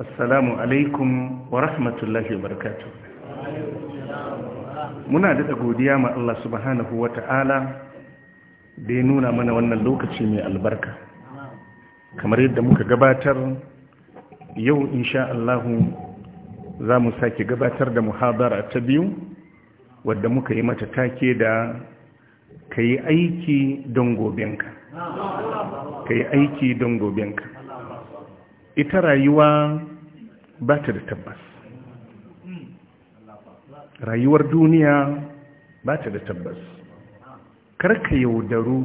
assalamu alaikum wa rahmatullahi wa barakatu muna daɗa godiya ma Allah subhanahu wa ta'ala da ya nuna mana wannan lokaci mai albarka kamar yadda muka gabatar yau insha Allahu za mu sake gabatar da muhabara ta biyu wadda muka yi mata take da ka yi aiki don gobenka ka yi aiki don gobenka ita rayuwa ba ta da tabbas rayuwar duniya ba ta da tabbas karka yaudaru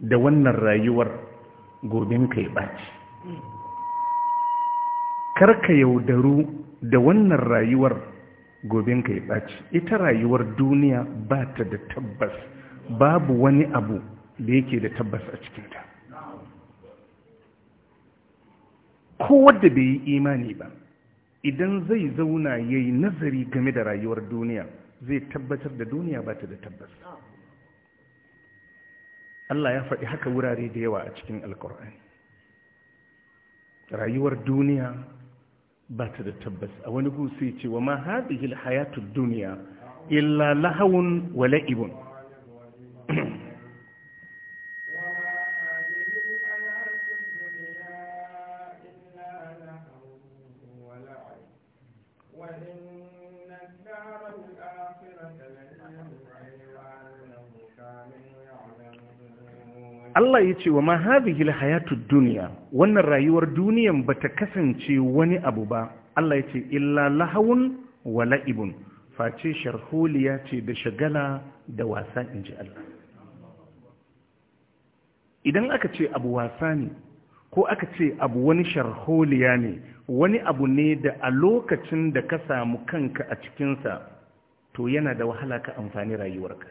da wannan rayuwar gobin ya ɓaci, karka yaudaru da wannan rayuwar gobin kai ɓaci ita rayuwar duniya ba ta da tabbas babu wani abu da yake da tabbas a cikinta ko wadda bai yi imani ba idan zai zauna ya yi nazari game da rayuwar duniya zai tabbatar da duniya ba ta da tabbas Allah ya faɗi haka wurare da yawa a cikin alkur'ani rayuwar duniya ba ta da tabbas a wani gusi ce wa ma haɗihil hayatun duniya illa lahawun wa ibun Allah ya ce wa ma hadhihi duniya, dunya wannan rayuwar duniyan bata kasance wani abu ba Allah ya ce illa lahawun wa la'ibun face sharholiya ce da shagala da wasa inji Allah idan aka ce abu wasa ne ko aka ce abu wani sharholiya ne wani abu ne da a lokacin da ka samu kanka a cikinsa to yana da wahala ka amfani rayuwarka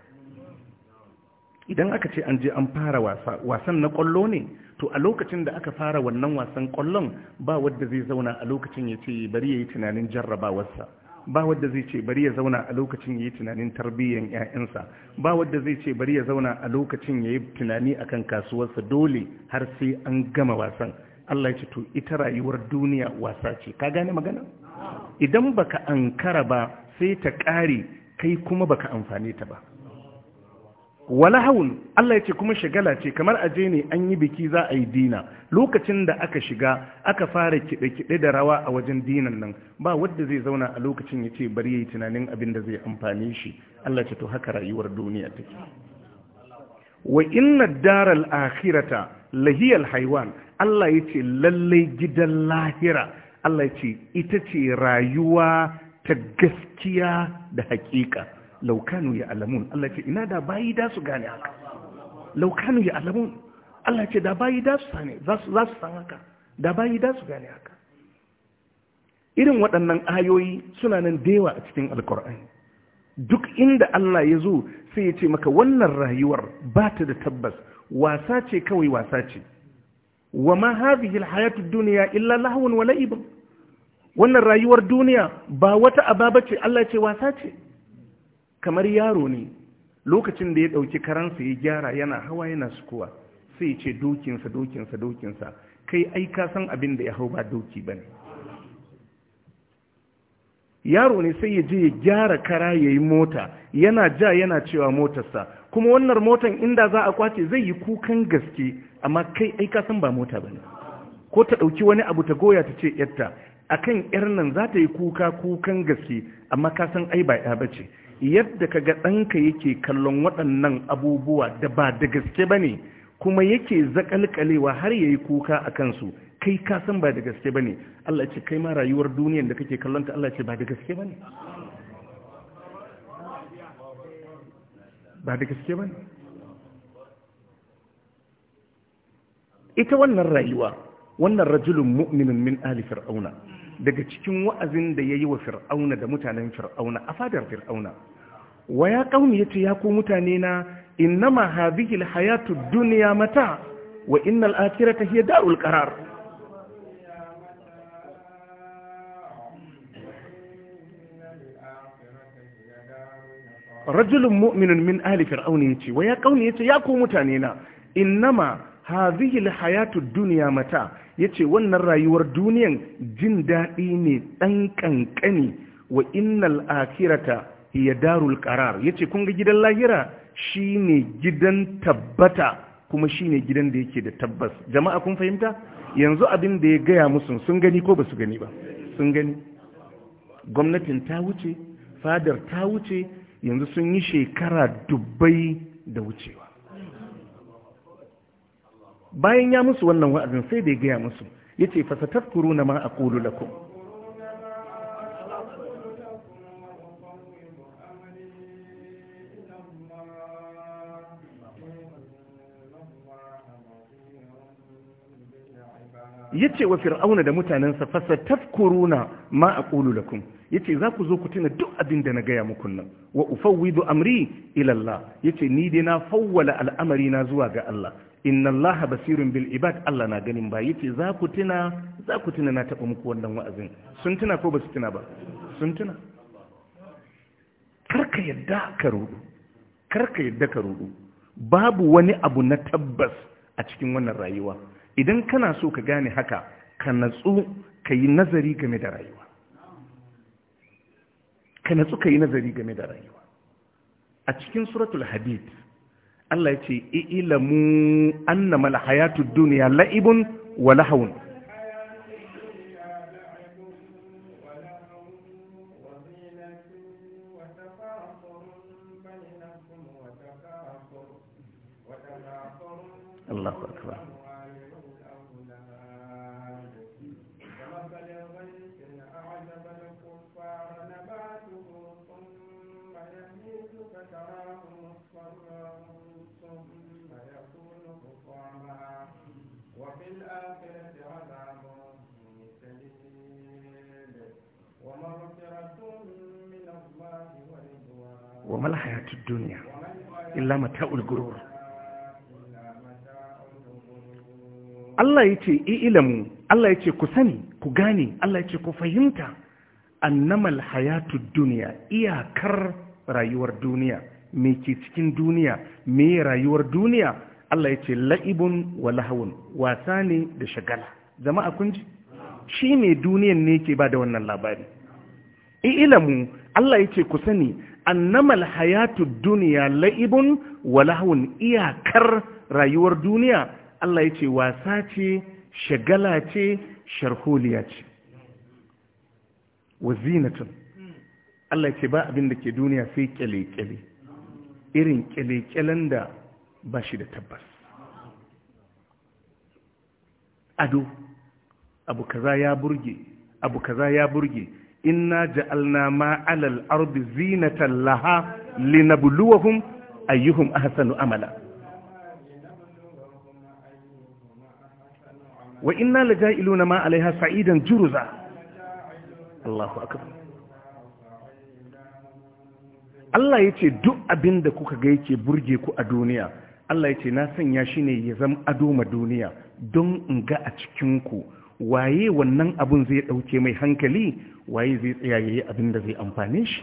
idan aka ce an je an fara wasa wasan na kwallo ne to a lokacin da aka fara wannan wasan kwallon ba wadda zai zauna a lokacin ya ce bari ya yi tunanin jarrabawarsa ba wadda zai ce bari ya zauna a lokacin ya yi tunanin tarbiyyar 'ya'yansa ba wadda zai ce bari ya zauna a lokacin ya yi tunani a kan kasuwarsa dole har sai an gama wasan Allah ce to ita rayuwar duniya wasa ce ka gane magana idan baka ankara ba sai ta ƙare kai kuma baka amfane ta ba wala haun Allah ya ce kuma shagala ce kamar aje ne an yi biki za a yi dina lokacin da aka shiga aka fara kiɗe-kiɗe da rawa a wajen dinan nan ba wadda zai zauna a lokacin ya ce bari ya tunanin abin da zai amfani shi Allah ce to haka rayuwar duniya take wa inna daral akhirata lahiyal haiwan Allah ya ce lallai gidan lahira Allah ya ce ita ce rayuwa ta gaskiya da hakika laukanu ya alamun Allah ce ina da bayi da su gane haka laukanu ya alamun Allah ce da bayi da su sane za su san haka da bayi da su gane haka irin waɗannan ayoyi suna nan dewa a cikin alkur'an duk inda Allah ya zo sai ya ce maka wannan rayuwar ba ta da tabbas wasa ce kawai wasa ce wa ma hadhihi alhayatu dunya illa lahwun wa la'ib wannan rayuwar duniya ba wata ababa ce Allah ce wasa ce kamar yaro ne lokacin da ya ɗauki karansa ya gyara yana hawa yana sukuwa sai ya ce dokinsa dokinsa dokinsa kai ai ka san abin da ya hau ba doki ba ne yaro ne sai ya je ya gyara kara ya yi mota yana ja yana cewa motarsa kuma wannan motan inda za a kwace zai yi kukan gaske amma kai ai ka san ba mota ba ne ko ta ɗauki wani abu ta goya ta ce yarta akan yar nan za ta yi kuka kukan gaske amma ka san ai ba ya bace yadda ka ga ɗanka yake kallon waɗannan abubuwa da ba da gaske ba ne kuma yake zaƙalƙalewa har ya yi kuka a kansu kai ka san ba da gaske ba ne Allah ce kai ma rayuwar duniyar da kake kallonta Allah ce ba da gaske ba ne ba da gaske ba ne ita wannan rayuwa wannan rajulun mu'minin min ali fir'auna daga cikin wa'azin da ya yi wa fir'auna da mutanen fir'auna a fadar fir'auna wa ya qaumi yace ya ku mutane na innama hadhihi alhayatu dunya mata wa innal akhirata hiya darul qarar rajulun mu'minun min ali fir'auni yace wa ya qaumi yace ya ku mutane na innama hadhihi alhayatu dunya mata yace wannan rayuwar duniyan jin daɗi ne ɗan kankani wa innal akhirata Ya darul karar yace kun ga gidan lahira Shi ne gidan tabbata kuma shi ne gidan da yake da tabbas jama'a kun fahimta yanzu abin da ya gaya musu sun gani ko ba su gani ba sun gani gwamnatin ta wuce fadar ta wuce yanzu sun yi shekara dubbai da wucewa bayan ya musu wannan wa'azin sai da ya gaya musu Ya ce, yace fasatakuru na ma a lakum yace wa fir'auna da mutanensa tafkuruna ma aqulu lakum yace za ku zo ku tuna duk abin da na gaya muku nan wa ufawwidu amri ila Allah yace ni dai na fawwala al'amari na zuwa ga Allah inna Allah basirun bil ibad Allah na ganin ba yace za ku tuna za ku tuna na taba muku wannan wa'azin sun tuna ko ba su tuna ba sun tuna karka yadda ka rudu karka yadda ka rudu babu wani abu na tabbas a cikin wannan rayuwa idan kana so ka gane haka ka natsu ka yi nazari game da rayuwa ka natsu ka yi nazari game da rayuwa a cikin suratul hadid Allah ya ce ilamu annama alhayatud dunya la'ibun wa lahawun Allahu akbar wa mal hayatud dunya illa mata'ul gurur Allah yace ilamu Allah yace ku sani ku gane Allah yace ku fahimta annamal hayatud dunya iyakar rayuwar duniya me ke cikin duniya me rayuwar duniya Allah yace la'ibun wa lahawun wasa ne da shagala jama'a kun ji shi ne duniyan ne ke ba da wannan labari ilamu Allah yace ku sani annamal hayatu duniya la'ibun wa iyakar rayuwar duniya Allah yace wasa ce shagala ce sharholiya ce wa zinatun Allah yace ba abin da ke duniya sai kyale-kyale irin kyale-kyalen da ba shi da tabbas ado abu kaza ya burge abu kaza ya burge inna ja'alna ma alal ardi zinatan laha linabluwahum ayyuhum ahsanu amala wa inna laja'iluna ma 'alayha sa'idan juruza Allahu akbar Allah yace duk abinda kuka ga yake burge ku a duniya Allah yace na sanya shi ne ya zama ado ma duniya don in ga a cikin ku waye wannan abun zai ɗauke mai hankali waye zai tsaya ya yi abin da zai amfane shi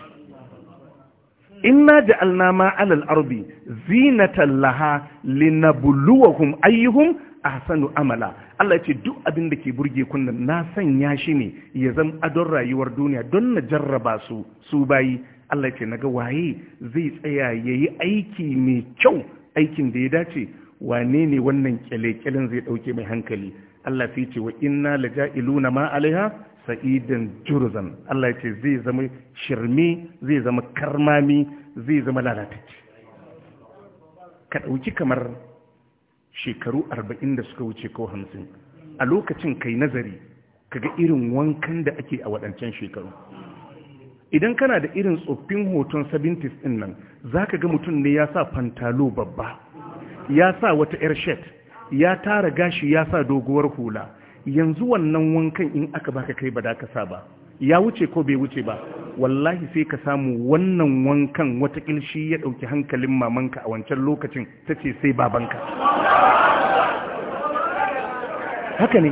inna ja'alna ma alal ardi zinatan laha linabluwahum ayyuhum ahsanu amala Allah ce duk abin da ke burge kunna na sanya shi ne ya zama adon rayuwar duniya don na jarraba su su bayi Allah ce naga waye zai tsaya yayi aiki mai kyau aikin da ya dace wane ne wannan kyale-kyalen zai dauke mai hankali Allah sai ce wa inna laja'iluna ma alaiha sa'idan jurzan Allah ce zai zama shirmi zai zama karmami zai zama lalatacce. ka ɗauki kamar shekaru arba'in da suka wuce ko hamsin a lokacin kai nazari kaga irin wankan da ake a waɗancan shekaru idan kana da irin tsoffin hoton 70s ɗin nan za ga mutum ne ya sa fantalo babba ya sa wata air shirt ya tara gashi ya sa doguwar hula yanzu wannan wankan in aka baka kai ba da ka sa ba ya wuce ko bai wuce ba wallahi sai ka samu wannan wankan wata shi ya ɗauki hankalin mamanka a wancan lokacin tace sai babanka haka ne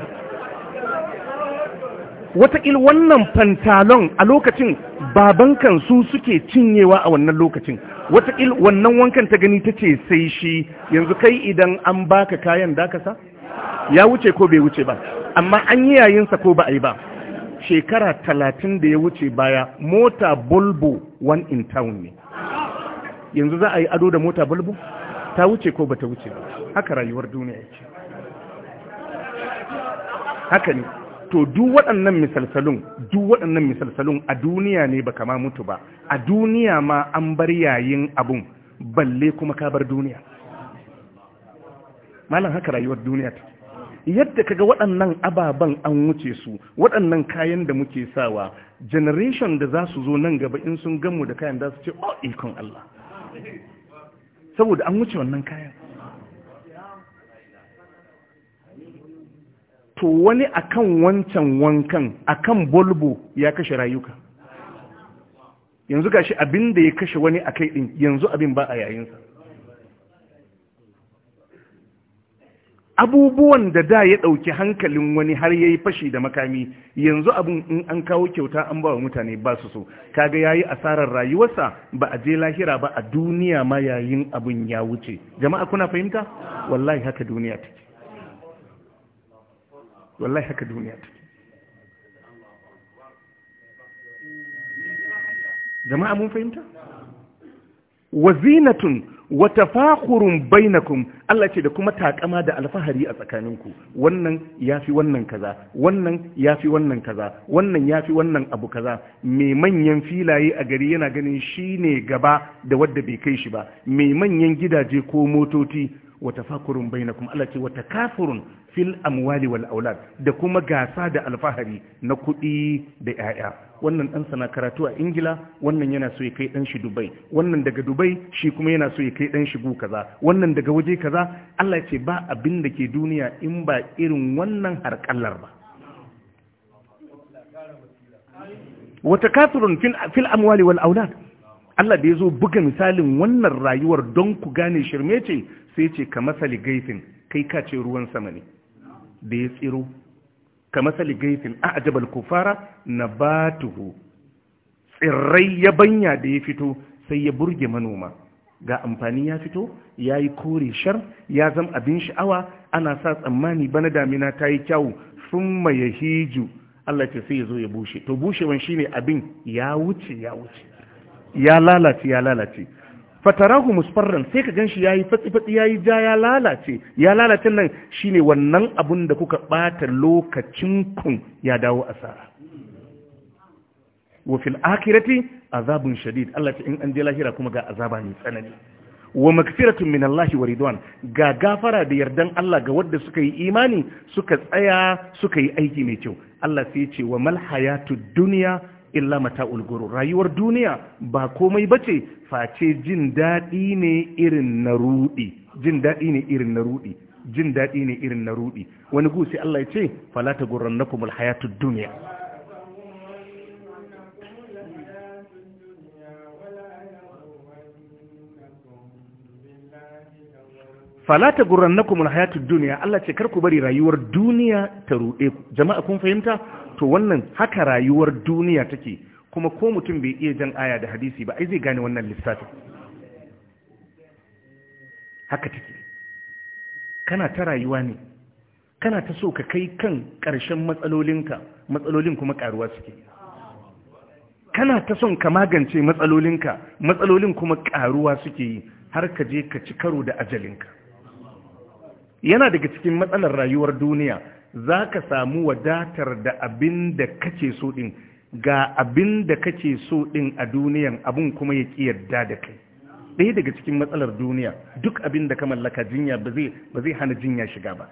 wataƙil wannan pantalon a lokacin baban kansu su suke cinyewa a wannan lokacin wataƙil wannan wankan ta gani ta ce sai shi yanzu kai idan an baka kayan dakasa ya wuce ko bai wuce ba amma an yi yayinsa ko ba a yi ba shekara talatin da ya wuce baya mota bulbo one in town ne yanzu za a yi ado da mota bulbo ta wuce ko ba ta wuce ba haka rayuwar duniya ce haka ne to duk waɗannan misalsalun duk waɗannan misalsalun a duniya ne ba kama mutu ba a duniya ma an bar yayin abun balle kuma ka bar duniya malam haka rayuwar duniya ta yadda kaga waɗannan ababen an wuce su waɗannan kayan da muke sawa generation da za su zo nan gaba in sun gamu da kayan da su ce oh ikon Allah saboda an wuce wannan kayan to wani akan wancan wankan akan bolbo ya kashe rayuka yanzu gashi abin da ya kashe wani a kai yanzu abin ba a yayinsa abubuwan da da ya ɗauki hankalin wani har ya yi fashi da makami yanzu abin in an kawo kyauta an ba wa mutane ba su so kaga ya yi asarar rayuwarsa ba a je lahira ba a duniya ma yayin abin ya wuce jama'a kuna fahimta wallahi haka duniya take wallahi haka duniya ta jama'a mun fahimta wazinatun wa tafakhurun bainakum Allah ce da kuma takama da alfahari a tsakaninku wannan yafi wannan kaza wannan yafi wannan kaza wannan yafi wannan abu kaza mai manyan filaye a gari yana ganin shi ne gaba da wadda bai kai shi ba mai manyan gidaje ko motoci wa na bainakum Allah ce wa fil amwali wal aulad da kuma gasa da alfahari na kuɗi da ƴaƴa wannan dan sana karatu a Ingila wannan yana so ya kai dan shi Dubai wannan daga Dubai shi kuma yana so ya kai dan shi kaza wannan daga waje kaza Allah ce ba abin da ke duniya in ba irin wannan harkallar ba Wata takafurun fil amwali wal aulad Allah da ya zo buga misalin wannan rayuwar don ku gane shirme ce sai ce ka masali gaifin kai ka ruwan sama ne da ya tsiro ka masali gaifin a ajabal kufara na batuhu tsirrai ya banya da ya fito sai ya burge manoma ga amfani ya fito ya yi kore shar ya zama abin sha'awa ana sa tsammani bana damina ta yi kyawu sun ya hiju Allah ce sai ya zo ya bushe to bushewan shine abin ya wuce ya wuce ya lalace ya lalace fatarahu musfarran sai ka ganshi yayi fatsi fatsi yayi ja ya lalace ya lalace nan shine wannan abun da kuka ɓata lokacin kun ya dawo asara wa fil akhirati azabun shadid Allah ta in an je lahira kuma ga azaba mai tsanani wa magfiratun min Allah wa ridwan ga gafara da yardan Allah ga wanda suka yi imani suka tsaya suka yi aiki mai kyau Allah sai ya ce wa mal hayatud dunya illa mata'ul ulguru rayuwar duniya ba komai bace face jin daɗi ne irin na ruɗi jin daɗi ne irin na ruɗi jin daɗi ne irin na ruɗi wani gusi Allah ya ce fala tagurrannakumul hayatud duniya. falata kuma hayatun duniya, Allah ce kar ku bari rayuwar duniya ta ruɗe ku jama'a kun fahimta to wannan haka rayuwar duniya take kuma ko mutum bai iya jan aya da hadisi ba ai zai gane wannan lissafin haka take kana ta rayuwa ne kana ta so ka kai kan ƙarshen matsalolinka matsalolin kuma ƙaruwa suke kana ta son ka magance matsalolinka matsalolin kuma ƙaruwa suke yi har ka je ka ci karo da ajalinka yana daga cikin matsalar rayuwar duniya za ka samu wadatar da abin da kace so ɗin ga abin da kace so ɗin a duniyan abin kuma ya ƙi yarda da kai ɗaya daga cikin matsalar duniya duk abin da ka mallaka jinya ba zai hana jinya shiga ba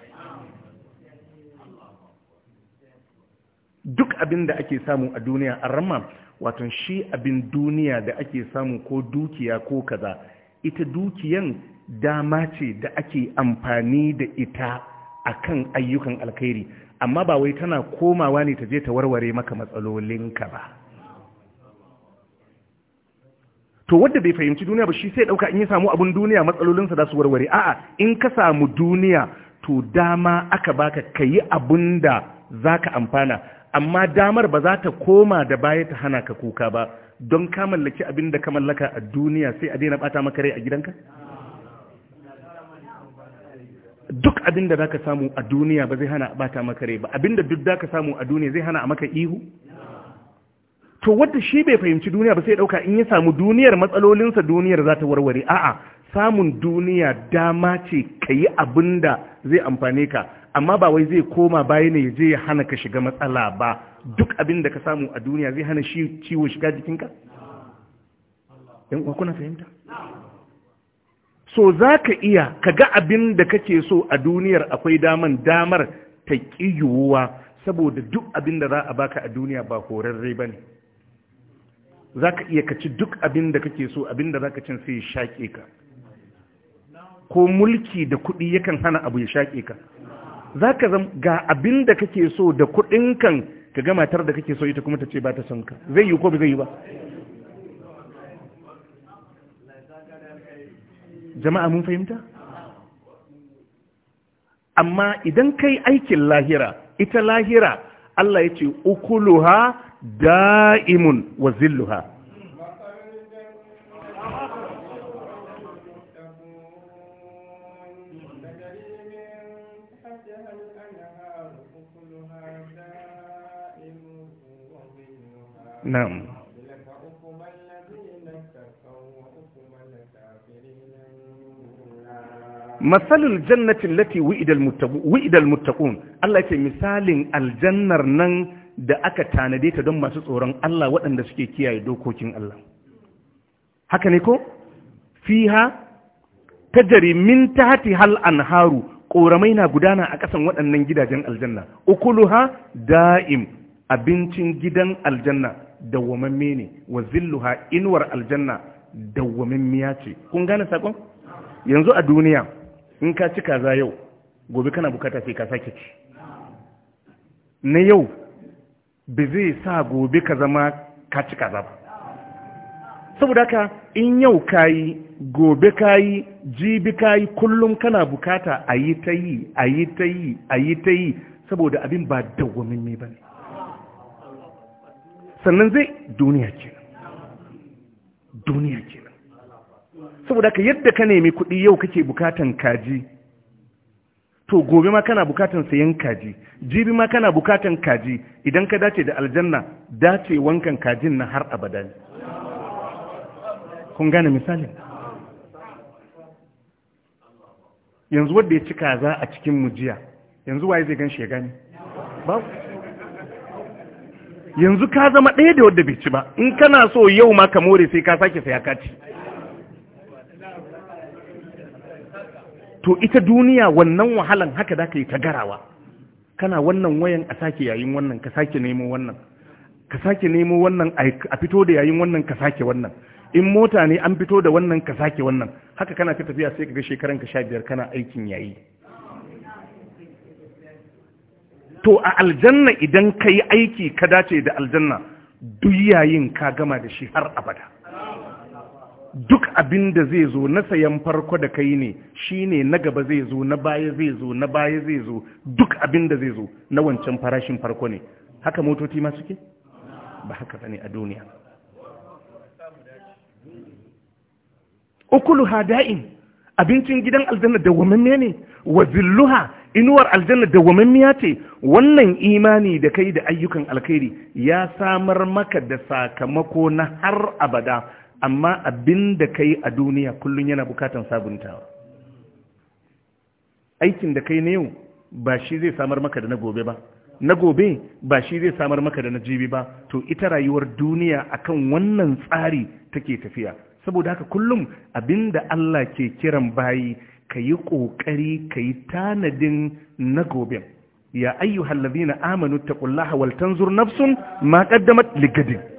duk abin da ake samu a duniya a ramma wato shi abin duniya da ake samu ko dukiya ko kaza ita dukiyan dama ce da ake amfani da ita a kan ayyukan alkhairi amma ba wai tana komawa ne ta je ta warware maka matsalolinka ba to wanda bai fahimci duniya ba shi sai dauka in ya samu abun duniya matsalolinsa za su warware a'a in ka samu duniya to dama aka baka ka yi abun da za ka amfana amma damar ba za ta koma da baya ta hana ka kuka ba don ka mallaki abin da ka mallaka a duniya sai a daina bata maka rai a gidanka? duk abin da zaka samu a duniya ba zai hana bata maka rai ba abin da duk zaka samu a duniya zai hana a maka ihu to wanda shi bai fahimci duniya ba sai dauka in ya samu duniyar matsalolinsa duniyar za ta warware a'a samun duniya dama ce ka abin da zai amfane ka amma ba wai zai koma baya ne je ya hana ka shiga matsala ba duk abin da ka samu a duniya zai hana shi ciwo shiga jikinka? so za ka iya ka ga abin da kake so a duniyar akwai daman damar ta ƙi yiwuwa saboda duk abin da za a baka a duniya ba horarre ba ne za ka iya kaci duk abin da kake so abin da za ka cin sai ya shaƙe ka ko mulki da kuɗi yakan hana abu ya shaƙe ka za ka ga abin da kake so da kuɗinkan ka ga matar da kake so ita kuma ta ce ba ta son ka zai yi ko ba zai yi ba jama'a mun fahimta amma idan kai aikin lahira ita lahira Allah ya ce ukuluha da'imun wa zilluha Na'am. masalul jannatin lati wi'idal muttaqun Allah ce misalin aljannar nan da aka tanade ta don masu tsoron Allah waɗanda suke kiyaye dokokin Allah haka ne ko fiha tajri min tahti hal anharu ƙoramai na gudana a ƙasan waɗannan gidajen aljanna ukuluha da'im abincin gidan aljanna dawwamamme ne wa zilluha inwar aljanna dawwamammiya ce kun gane sakon yanzu a duniya in ka ci kaza yau gobe kana bukata sai ka sake ci na yau ba zai sa gobe ka zama ka ci kaza ba saboda haka in yau kayi gobe kayi jibi kayi kullum kana bukata a yi ta yi a yi ta yi a yi ta yi saboda abin ba dawwamimme ba ne sannan zai duniya ce duniya ce saboda ka yadda ka nemi kuɗi yau kake bukatan kaji to gobe ma kana bukatan sayan kaji jibi ma kana bukatan kaji idan ka dace da aljanna dace wankan kajin na har abada ne kun gane misalin yanzu wadda ya ci kaza a cikin mujiya yanzu waye zai gan shi ya gani babu yanzu ka zama ɗaya da wadda bai ci ba in kana so yau ma ka more sai ka sake saya ka ci to ita duniya wannan wahalan haka da ka yi ta garawa kana wannan wayan a sake yayin wannan ka sake nemo wannan ka sake nemo wannan a fito da yayin wannan ka sake wannan in mota ne an fito da wannan ka sake wannan haka kana ta tafiya sai ka ga shekaran ka sha biyar kana aikin yayi to a aljanna idan ka yi aiki ka dace da aljanna duk yayin ka gama da shi har abada duk abin da zai zo na sayan farko da kai ne shi ne na gaba zai zo na baya zai zo na baya zai zo duk abin da zai zo na wancan farashin farko ne haka motoci ma suke ba haka bane a duniya ukuluha da'in abincin gidan aljanna da dawwamamme ne wa zilluha inuwar aljanna da dawwamammiya ce wannan imani da kai da ayyukan alkhairi ya samar maka da sakamako na har abada amma abin da kai a duniya kullum yana bukatan sabuntawa aikin da kai na yau ba shi zai samar maka da na gobe ba na gobe ba shi zai samar maka da na jibi ba to ita rayuwar duniya akan wannan tsari take tafiya saboda haka kullum abinda Allah ke kiran bayi ka yi ƙoƙari ka yi tanadin na gobe ya ayyuhallazina amanu taqullaha wal tanzur nafsun ma qaddamat ligadin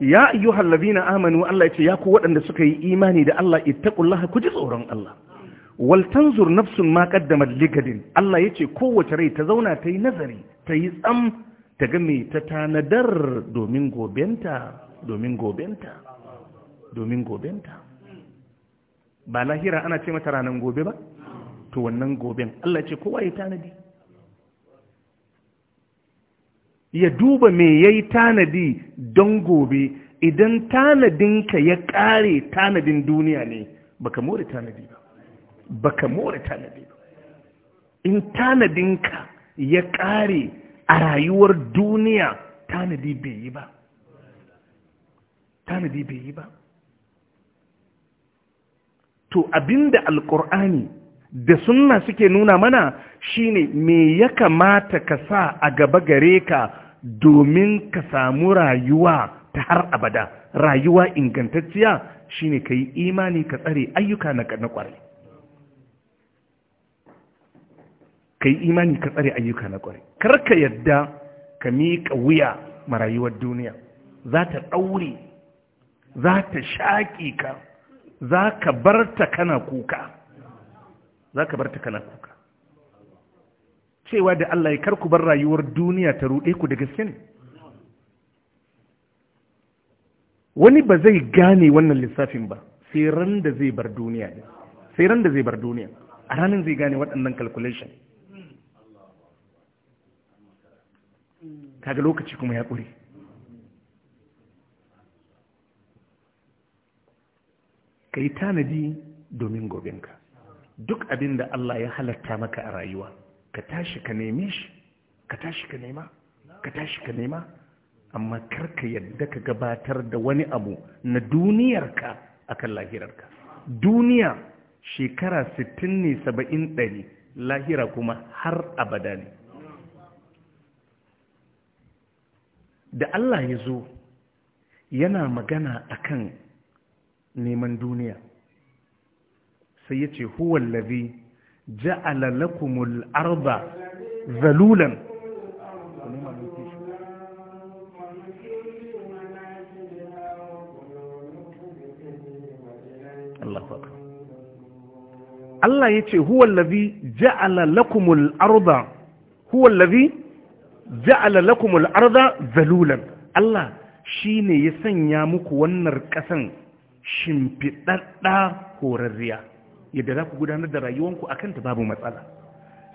ya ayyuhal ladina amanu Allah yace ya ku waɗanda suka yi imani da Allah ittaqullaha ku ji tsoron Allah wal tanzur nafsun ma ƙaddamar ligadin Allah yace kowace rai ta zauna ta yi nazari ta yi tsam ta ga me ta tanadar domin gobenta domin gobenta domin gobenta ba lahira ana ce mata ranar gobe ba to wannan goben Allah yace kowa ya tanadi ya duba me ya yi tanadi don gobe idan tanadinka ya ƙare tanadin duniya ne baka more tanadi ba baka more tanadi ba in tanadinka ya ƙare a rayuwar duniya tanadi bai yi ba tanadi bai yi ba to abinda alƙur'ani da sunna suke nuna mana shine me ya kamata ka sa a gaba gare ka domin ka samu rayuwa ta har abada rayuwa ingantacciya shine ka yi imani ka tsare ayyuka na kwarai ka yi imani ka tsare ayyuka na kwarai kar ka yadda ka miƙa wuya ma rayuwar duniya za ta ɗaure za ta shaƙi ka za ka barta kana kuka za ka barta kana kuka cewa da Allah ya karku bar rayuwar duniya ta ruɗe ku da gaske ne wani ba zai gane wannan lissafin ba sai ran da zai bar duniya ne sai ran da zai bar duniya a ranar zai gane waɗannan calculation kaga lokaci kuma ya ƙure ka yi tanadi domin gobenka duk abin da Allah ya halatta maka a rayuwa ka tashi ka neme shi ka tashi ka nema ka tashi ka nema amma karka yadda ka gabatar da wani abu na duniyarka akan lahirarka duniya shekara 60 ne 70 ɗari lahira kuma har abada ne da Allah ya zo yana magana akan neman duniya sai ya ce huwallazi جعل لكم الأرض ذلولا الله أكبر الله يتي هو الذي جعل لكم الأرض هو الذي جعل لكم الأرض ذلولا الله شيني يسن يامك ونر كسن هو الرياح yadda za ku gudanar da rayuwanku a kanta babu matsala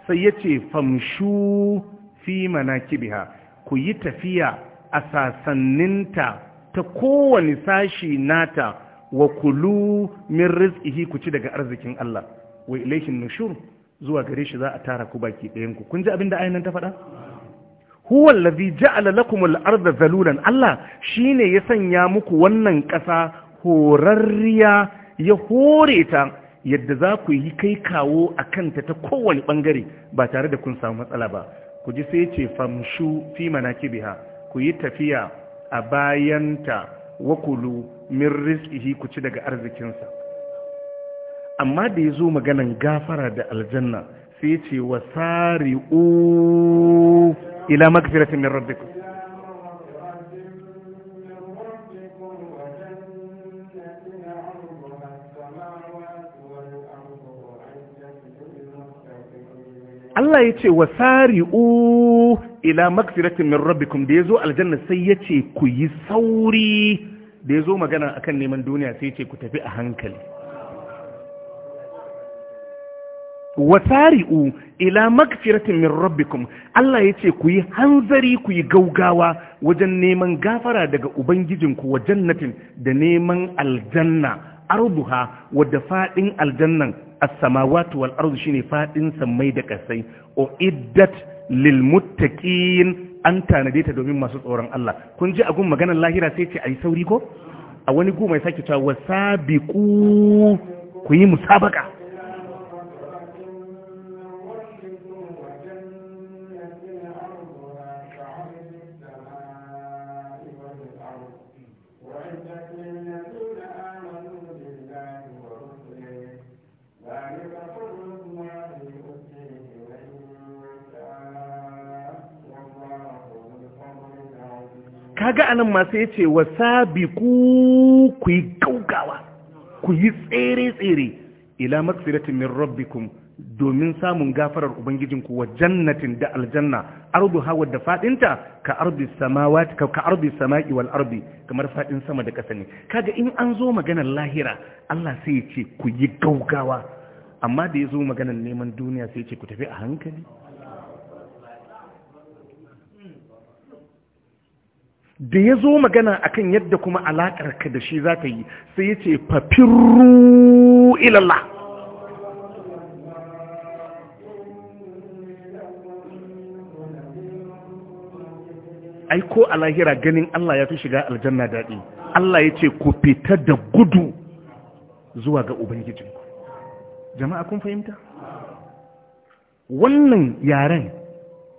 sai ya ce famshu fi kibiha, ku yi tafiya a sasanninta ta kowane sashi nata wa kulu min rizqihi ku ci daga arzikin Allah wa ilayhin nushur zuwa gare shi za a tara ku baki ɗayanku. kun ji abin da ayinan ta faɗa huwa allazi ja'ala lakum al shi zalulan Allah shine ya sanya muku wannan ƙasa horarriya ya hore ta yadda za ku yi kai kawo a kanta ta kowane ɓangare ba tare da kun samu matsala ba ku ji sai ce famshu fi kibiha, ku yi tafiya a bayanta wakulu min rizqihi ku ci daga arzikinsa amma da ya zo maganan gafara da aljanna sai ce wasari'u ila magfiratin min rabbikum Allah ya ce wa sari'u ila magfiratin min rabbikum da yazo aljanna sai ya ce ku yi sauri da yazo magana akan neman duniya sai ya ce ku tafi a hankali wa sari'u ila magfiratin min rabbikum Allah ya ce ku yi hanzari ku yi gaugawa wajen neman gafara daga ubangijinku wa jannatin da neman aljanna arduha wadda fadin aljannan as-samawati wal ardu shine fadin mai da kasai uiddat lil muttaqin an tanade ta domin masu tsoron Allah kun ji agun maganar lahira sai ce yi sauri ko a wani gumai ya sake cewa wasabiqu ku yi musabaka ga anan masu ya ce wa ku yi gaugawa ku yi tsere-tsere ila maksiratin min rabbikum domin samun gafarar ubangijinku wa jannatin da aljanna ardu hawa da fadinta ka ardi samawati ka ka ardi samai wal ardi kamar fadin sama da kasa ne kaga in an zo maganar lahira Allah sai ya ce ku yi gaugawa amma da ya zo maganar neman duniya sai ya ce ku tafi a hankali da ya zo magana akan yadda kuma alaƙar da shi za ta yi sai ya ce fafirru ilalla ai ko a ganin Allah ya fi shiga aljanna daɗi Allah ya ce ku fita da gudu zuwa ga Ubangijinku jama'a kun fahimta wannan yaren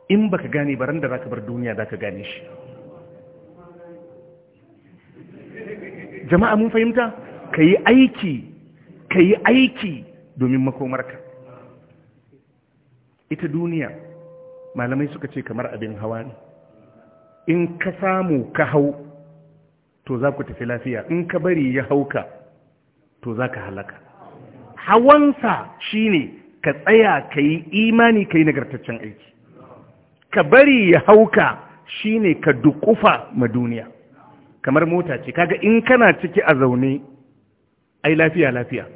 in baka gane baran da zaka bar duniya zaka gane shi jama'a mun fahimta ka yi aiki ka yi aiki domin makomarka ita duniya malamai suka ce kamar abin hawa ne in ka samu ka hau to za ku tafi lafiya in ka bari ya hauka to za ka halaka hawansa shine ka tsaya ka yi imani ka yi nagartaccen aiki ka bari ya hauka shine ka dukufa ma duniya kamar mota ce kaga in kana ciki a zaune ai lafiya lafiya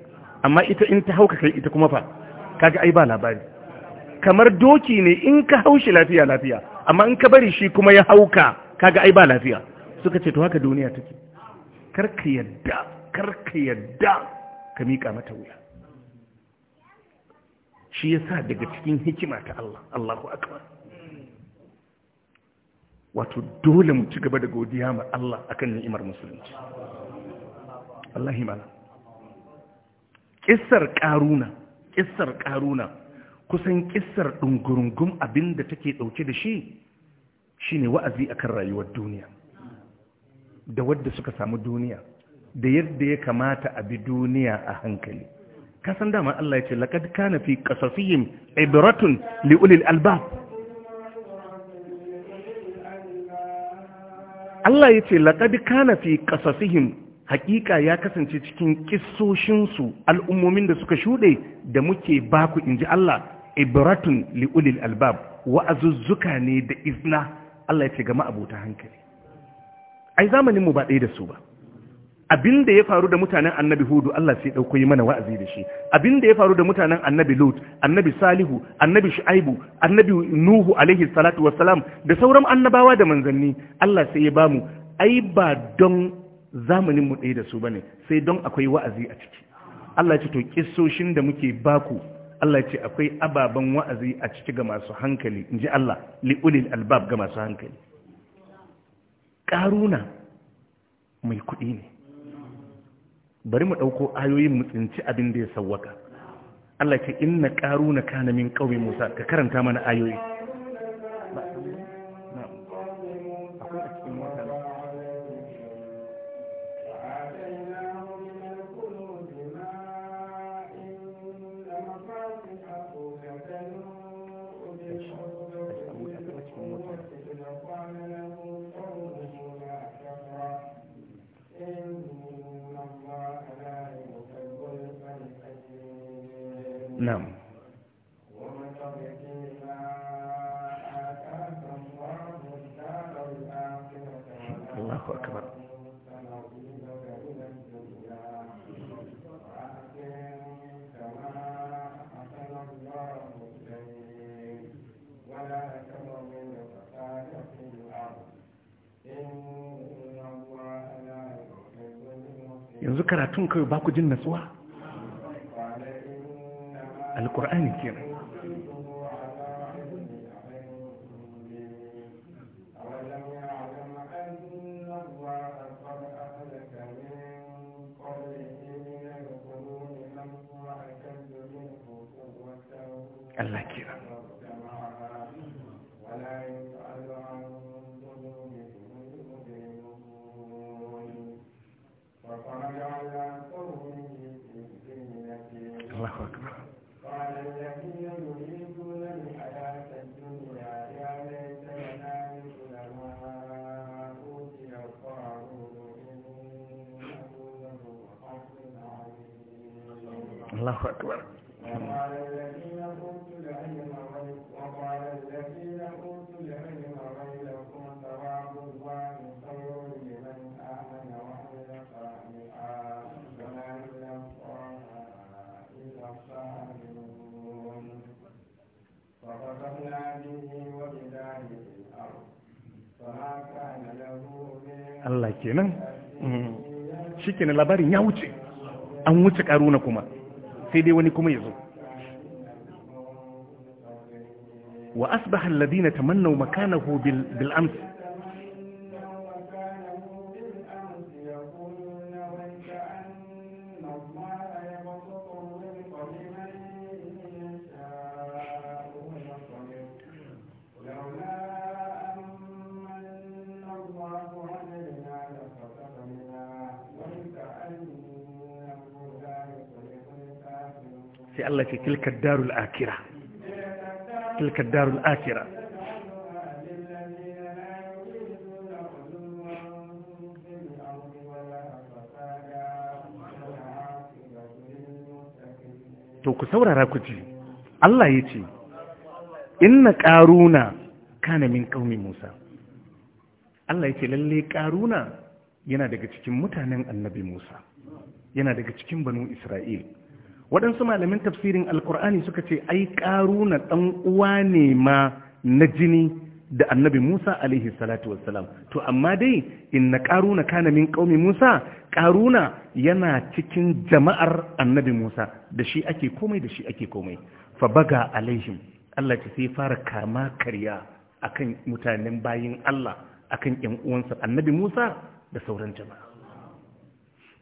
amma ita in ta hauka kai ita kuma fa kaga ai ba labari kamar doki ne in ka haushi lafiya lafiya amma in ka bari shi kuma ya hauka kaga ai ba lafiya suka ce to haka duniya take ka yadda ka yadda ka mika mata wuya shi yasa daga cikin hikima ta Allah Allahu akbar wato dole mu ci gaba da godiya ma Allah akan ni'imar musulunci Allah himala kissar karuna kissar karuna kusan kissar dungurungum abinda take dauke da shi shine wa'azi akan rayuwar duniya da wadda suka samu duniya da yadda ya kamata a bi duniya a hankali kasan dama Allah ya ce laqad kana fi qasasihim ibratun li ulil albab Allah ya ce laƙadi kana fi ƙasasihim hakika ya kasance cikin ƙisoshinsu al'ummomin da suka shuɗe da muke baku in ji Allah ibratun li'ulil albab wa'azuzzuka ne da izna Allah ya ce gama abota hankali ai zamaninmu ba ɗaya da su ba abin da ya faru da mutanen annabi hudu Allah sai ɗauko yi mana wa'azi da shi abin da ya faru da mutanen annabi lut annabi salihu annabi shu'aibu annabi nuhu alaihi salatu wassalam da sauran annabawa da manzanni Allah sai ya ba mu. ai ba don zamanin mu ɗaya da su bane sai don akwai wa'azi a ciki Allah ce to kissoshin da muke baku Allah ce akwai ababen wa'azi a ciki ga masu hankali inji Allah li ulil albab ga masu hankali karuna mai kuɗi ne bari mu ɗauko ayoyin mu tsinci abin da ya sauwaka. Allah ce inna na kana min ƙauye Musa ka karanta mana ayoyi جنة سواه القرآن الكريم Allah kenan hmm. shi kenan labarin ya wuce an wuce karuna kuma سيدي ونكميزو وأصبح الذين تمنوا مكانه بالأمس Allah ce tilka darul akira tilka darul akira to ku saurara ku ji Allah yace inna ƙaruna kana min qaumi Musa Allah ya ce lalle ƙaruna yana daga cikin mutanen annabi Musa yana daga cikin banu Isra'il waɗansu malamin tafsirin alkur'ani suka ce ai ƙaruna ɗan uwa ne ma na jini da annabi Musa alaihi salatu wassalam to amma dai inna ƙaruna kana min ƙaumi Musa ƙaruna yana cikin jama'ar annabi Musa da shi ake komai da shi ake komai fa baga alaihim Allah ce sai fara kama karya akan mutanen bayin Allah akan ƴan uwansa annabi Musa da sauran jama'a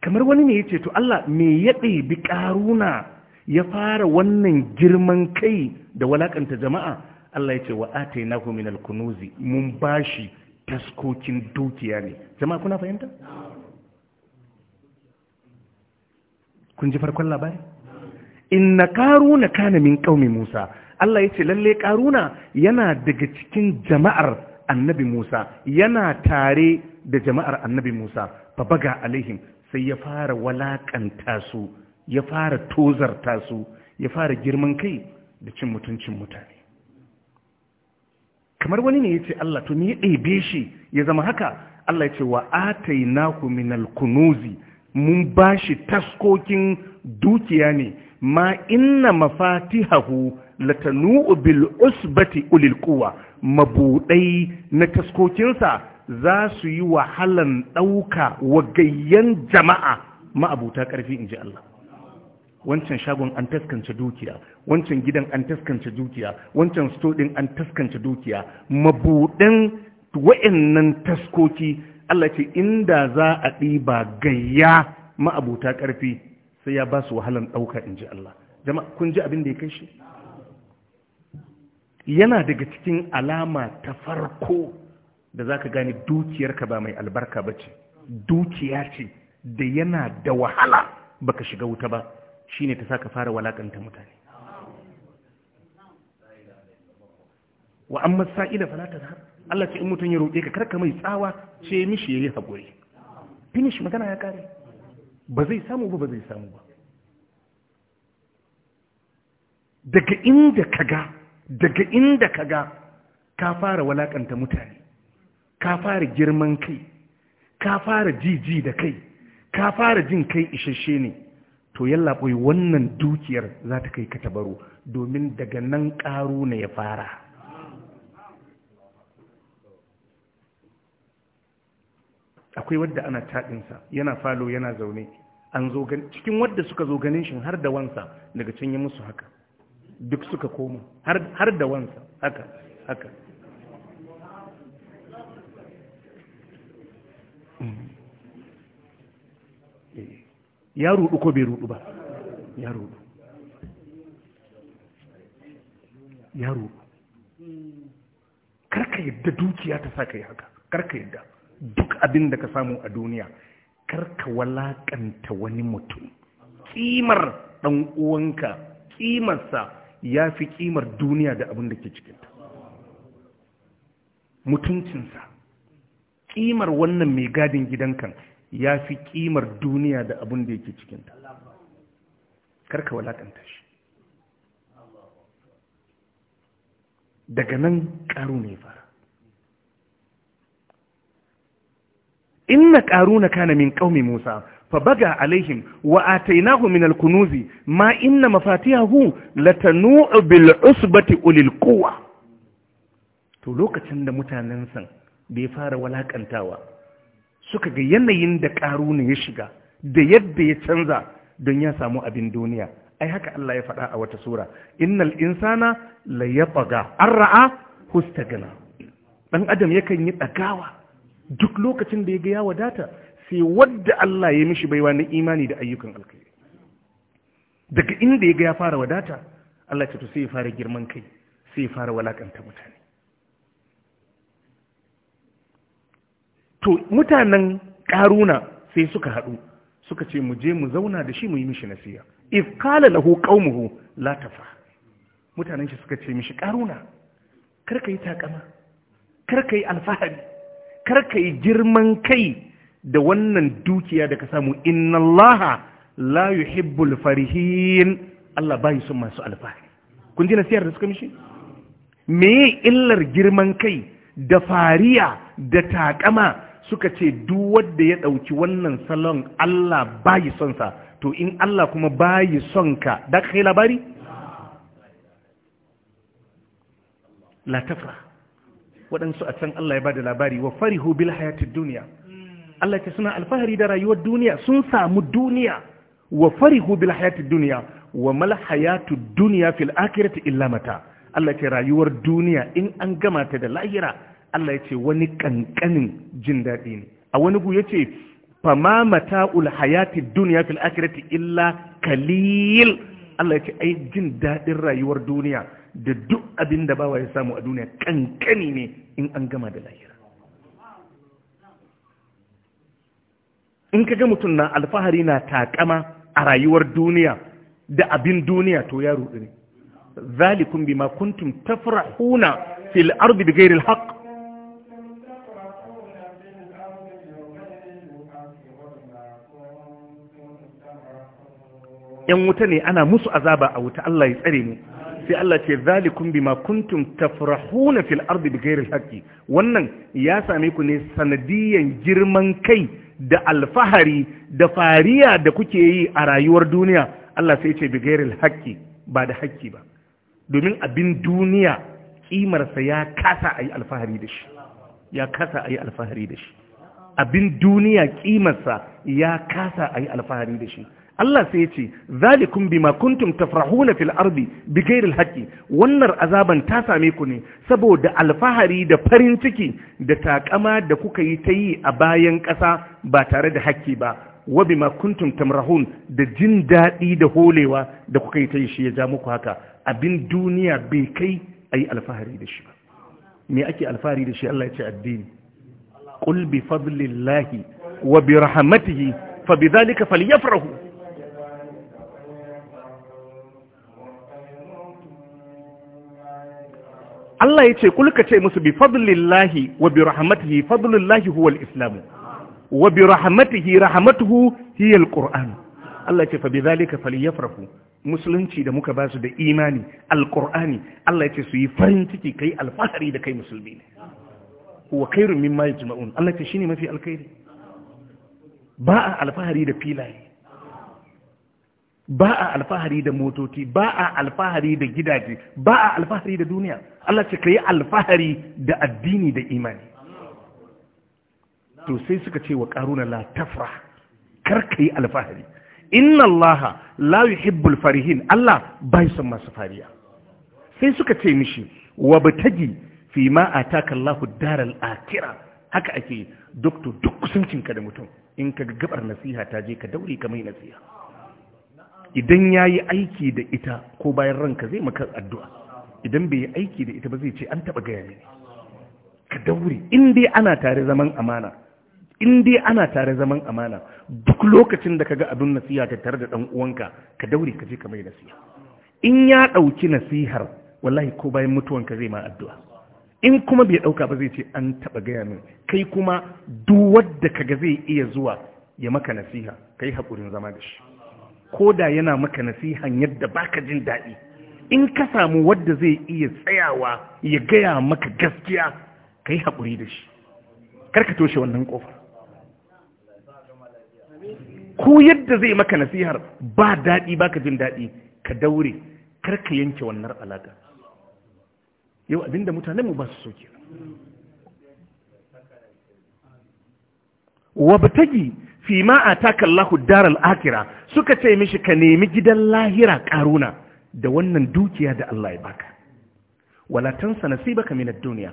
kamar wani ne ya ce to Allah me ya ɗabi ƙaruna ya fara wannan girman kai da walakanta jama'a Allah ya ce wa ate na min kunuzi mun bashi taskokin dukiya ne jama'a kuna fahimta? kun ji farkon labari? inna ƙaruna kana min ƙaumi Musa Allah ya ce lalle ƙaruna yana daga cikin jama'ar annabi Musa yana tare da jama'ar annabi Musa fa baga alaihim sai ya fara walakanta su ya fara tozarta su ya fara girman kai da cin mutuncin mutane kamar wani ne ya ce Allah to ni ya ɗebe shi ya zama haka Allah ya ce wa atai naku minal kunuzi mun bashi taskokin dukiya ne ma inna mafatihahu latanu bil usbati ulil quwa mabudai na taskokinsa za su yi wahalan ɗauka wa gayyan jama'a ma'abuta ƙarfi in ji Allah wancan shagon an taskance dukiya wancan gidan an taskance dukiya wancan stodin an taskance dukiya mabuɗin wa'annan taskoki Allah ce inda za a ɗiba gayya ma'abuta ƙarfi sai ya ba su wahalan ɗauka in ji Allah jama'a kun ji abin da ya kai shi yana daga cikin alama ta farko da za ka gane dukiyarka ba mai albarka ba ce dukiya ce da yana da wahala baka shiga wuta ba Shi ne ta sa ka fara walakanta mutane wa amma Falata fala tazhar Allah ce in mutum ya roƙe ka karka mai tsawa ce mishi ya yi haƙuri finish magana ya kare ba zai samu ba ba zai samu ba daga inda ka ga, daga inda ka ga ka fara walakanta mutane ka fara girman kai ka fara jiji da kai ka fara jin kai isasshe ne to yalla boy wannan dukiyar za ta kai ka tabaro domin daga nan ƙaru ne ya fara akwai wadda ana taɗinsa yana falo yana zaune an zo cikin wadda suka zo ganin shi har da wansa daga can yi musu haka duk suka koma har da wansa haka haka ya rudu ko bai rudu ba ya rudu ya rudu karka yadda dukiya ta sa ka yi haka karka yadda duk abin da ka samu a duniya karka walakanta wani mutum kimar dan uwanka kimarsa ya fi kimar duniya da abin da ke cikinta mutuncinsa kimar wannan mai gadin gidankan ya fi ƙimar duniya da abin da yake cikinta karka walakanta shi daga nan ƙaru ne fara inna ƙaru na kana min ƙaumi musa fabaga alaihim wa atainahu min alkunuzi ma inna mafatihahu latanu'u bil usbati ulil quwwa to lokacin da mutanen san bai fara walakantawa suka ga yanayin da ƙaruna ya shiga da yadda ya canza don ya samu abin duniya ai haka Allah ya faɗa a wata sura innal insana la yabgha arra'a hustagana dan adam yakan yi dagawa duk lokacin da yaga ya wadata sai wanda Allah ya mishi baiwa na imani da ayyukan alkhairi daga inda yaga ya fara wadata Allah ya ce to sai ya fara girman kai sai ya fara walakanta mutane to mutanen ƙaruna sai suka haɗu suka ce mu je mu zauna da shi mu yi mishi nasiya if qala lahu qaumuhu la tafa mutanen shi suka ce mishi karuna kar yi takama kar yi alfahari kar yi girman kai da wannan dukiya da ka samu inna allaha la yuhibbul farihin Allah bai son masu alfahari kun ji nasiyar da suka mishi meye illar girman kai da fariya da takama suka ce duk wanda ya ɗauki wannan salon Allah bayi sonsa. to in Allah kuma bayi son ka da kai labari la tafra waɗansu a can Allah ya ba da labari wa farihu bil hayatid duniya Allah ya suna alfahari da rayuwar duniya sun samu duniya wa farihu bil hayatid duniya wa mal hayatud duniya fil akhirati illa mata Allah ya rayuwar duniya in an gama ta da lahira Allah ya ce wani ƙanƙanin jin daɗi ne a wani gu ya ce fama mata ulhayati duniya fil illa kalil Allah ya ce ai jin daɗin rayuwar duniya da duk abin da bawa ya samu a duniya ƙanƙani ne in an gama da lahira in ka ga mutum na alfahari na takama a rayuwar duniya da abin duniya to ya rudu ne bi bima kuntum tafrahuna fil ardi bighairi alhaq yan wuta ne ana musu azaba a wuta Allah ya tsare mu sai Allah ce zalikum bima kuntum tafrahuna fil ardi bighairi alhaqi wannan ya same ku ne sanadiyan girman kai da alfahari da fariya da kuke yi a rayuwar duniya Allah sai ce bighairi alhaqi ba da hakki ba domin abin duniya sa ya kasa ayi alfahari da shi ya kasa ayi alfahari da shi abin duniya ƙimarsa ya kasa ayi alfahari da shi Allah sai ya ce zalikum bima kuntum tafrahuna fil ardi bighairi alhaqi wannan azaban ta same ku ne saboda alfahari da farin ciki da takama da kuka yi ta yi a bayan ƙasa ba tare da haƙƙi ba wa bi kuntum tamrahun da jin daɗi da holewa da kuka yi ta yi shi ya ja muku haka abin duniya bai kai ayi alfahari da shi ba me ake alfahari da shi Allah ya ce addini qul bi fadlillahi wa bi rahmatihi fa bi dhalika falyafrahu Allah ya ce kulka ce musu bi fadlillahi wa bi rahmatihi fadlillahi huwa al-islam wa bi rahmatihi rahmatuhu hiya al-qur'an Allah ya ce fa bi zalika falyafrahu musulunci da muka basu da imani alqur'ani Allah ya ce su yi farin ciki kai alfahari da kai musulmi ne wa khairun mimma yajma'un Allah ya ce shine mafi alkhairi ba a alfahari da filaye ba a alfahari da motoci ba a alfahari da gidaje ba a alfahari da duniya Allah ce ka yi alfahari da addini da imani to sai suka ce wa karuna la tafra kar ka yi alfahari inna allaha la yuhibbul farihin Allah bai san masu fariya sai suka ce mishi wa batagi fi ma ataka Allahu daral akhirah haka ake doctor duk kusancinka da mutum in ka gabar nasiha ta je ka daure ka mai nasiha idan ya yi aiki da ita ko bayan ranka zai maka addu'a idan bai yi aiki da ita ba zai ce an taɓa gaya ne ka daure in ana tare zaman amana in ana tare zaman amana duk lokacin da ka ga abin nasiha ta tare da ɗan uwanka ka daure ka je ka mai nasiha in ya ɗauki nasihar wallahi ko bayan mutuwanka zai ma addu'a in kuma bai ɗauka ba zai ce an taɓa gaya min kai kuma duk wadda kaga zai iya zuwa ya maka nasiha kai haƙurin zama da shi Koda yana maka nasihan yadda baka jin daɗi in ka samu wadda zai iya tsayawa ya gaya maka gaskiya ka yi haƙuri da shi karka toshe wannan ƙofa ko yadda zai maka nasihar ba daɗi baka jin daɗi ka daure karka yanke wannan alaƙa yau abinda mutane ba su soke wabtagi fi ma ataka Allahu daral akhira suka ce mishi ka nemi gidan lahira karuna da wannan dukiya da Allah ya baka wala tansa minad dunya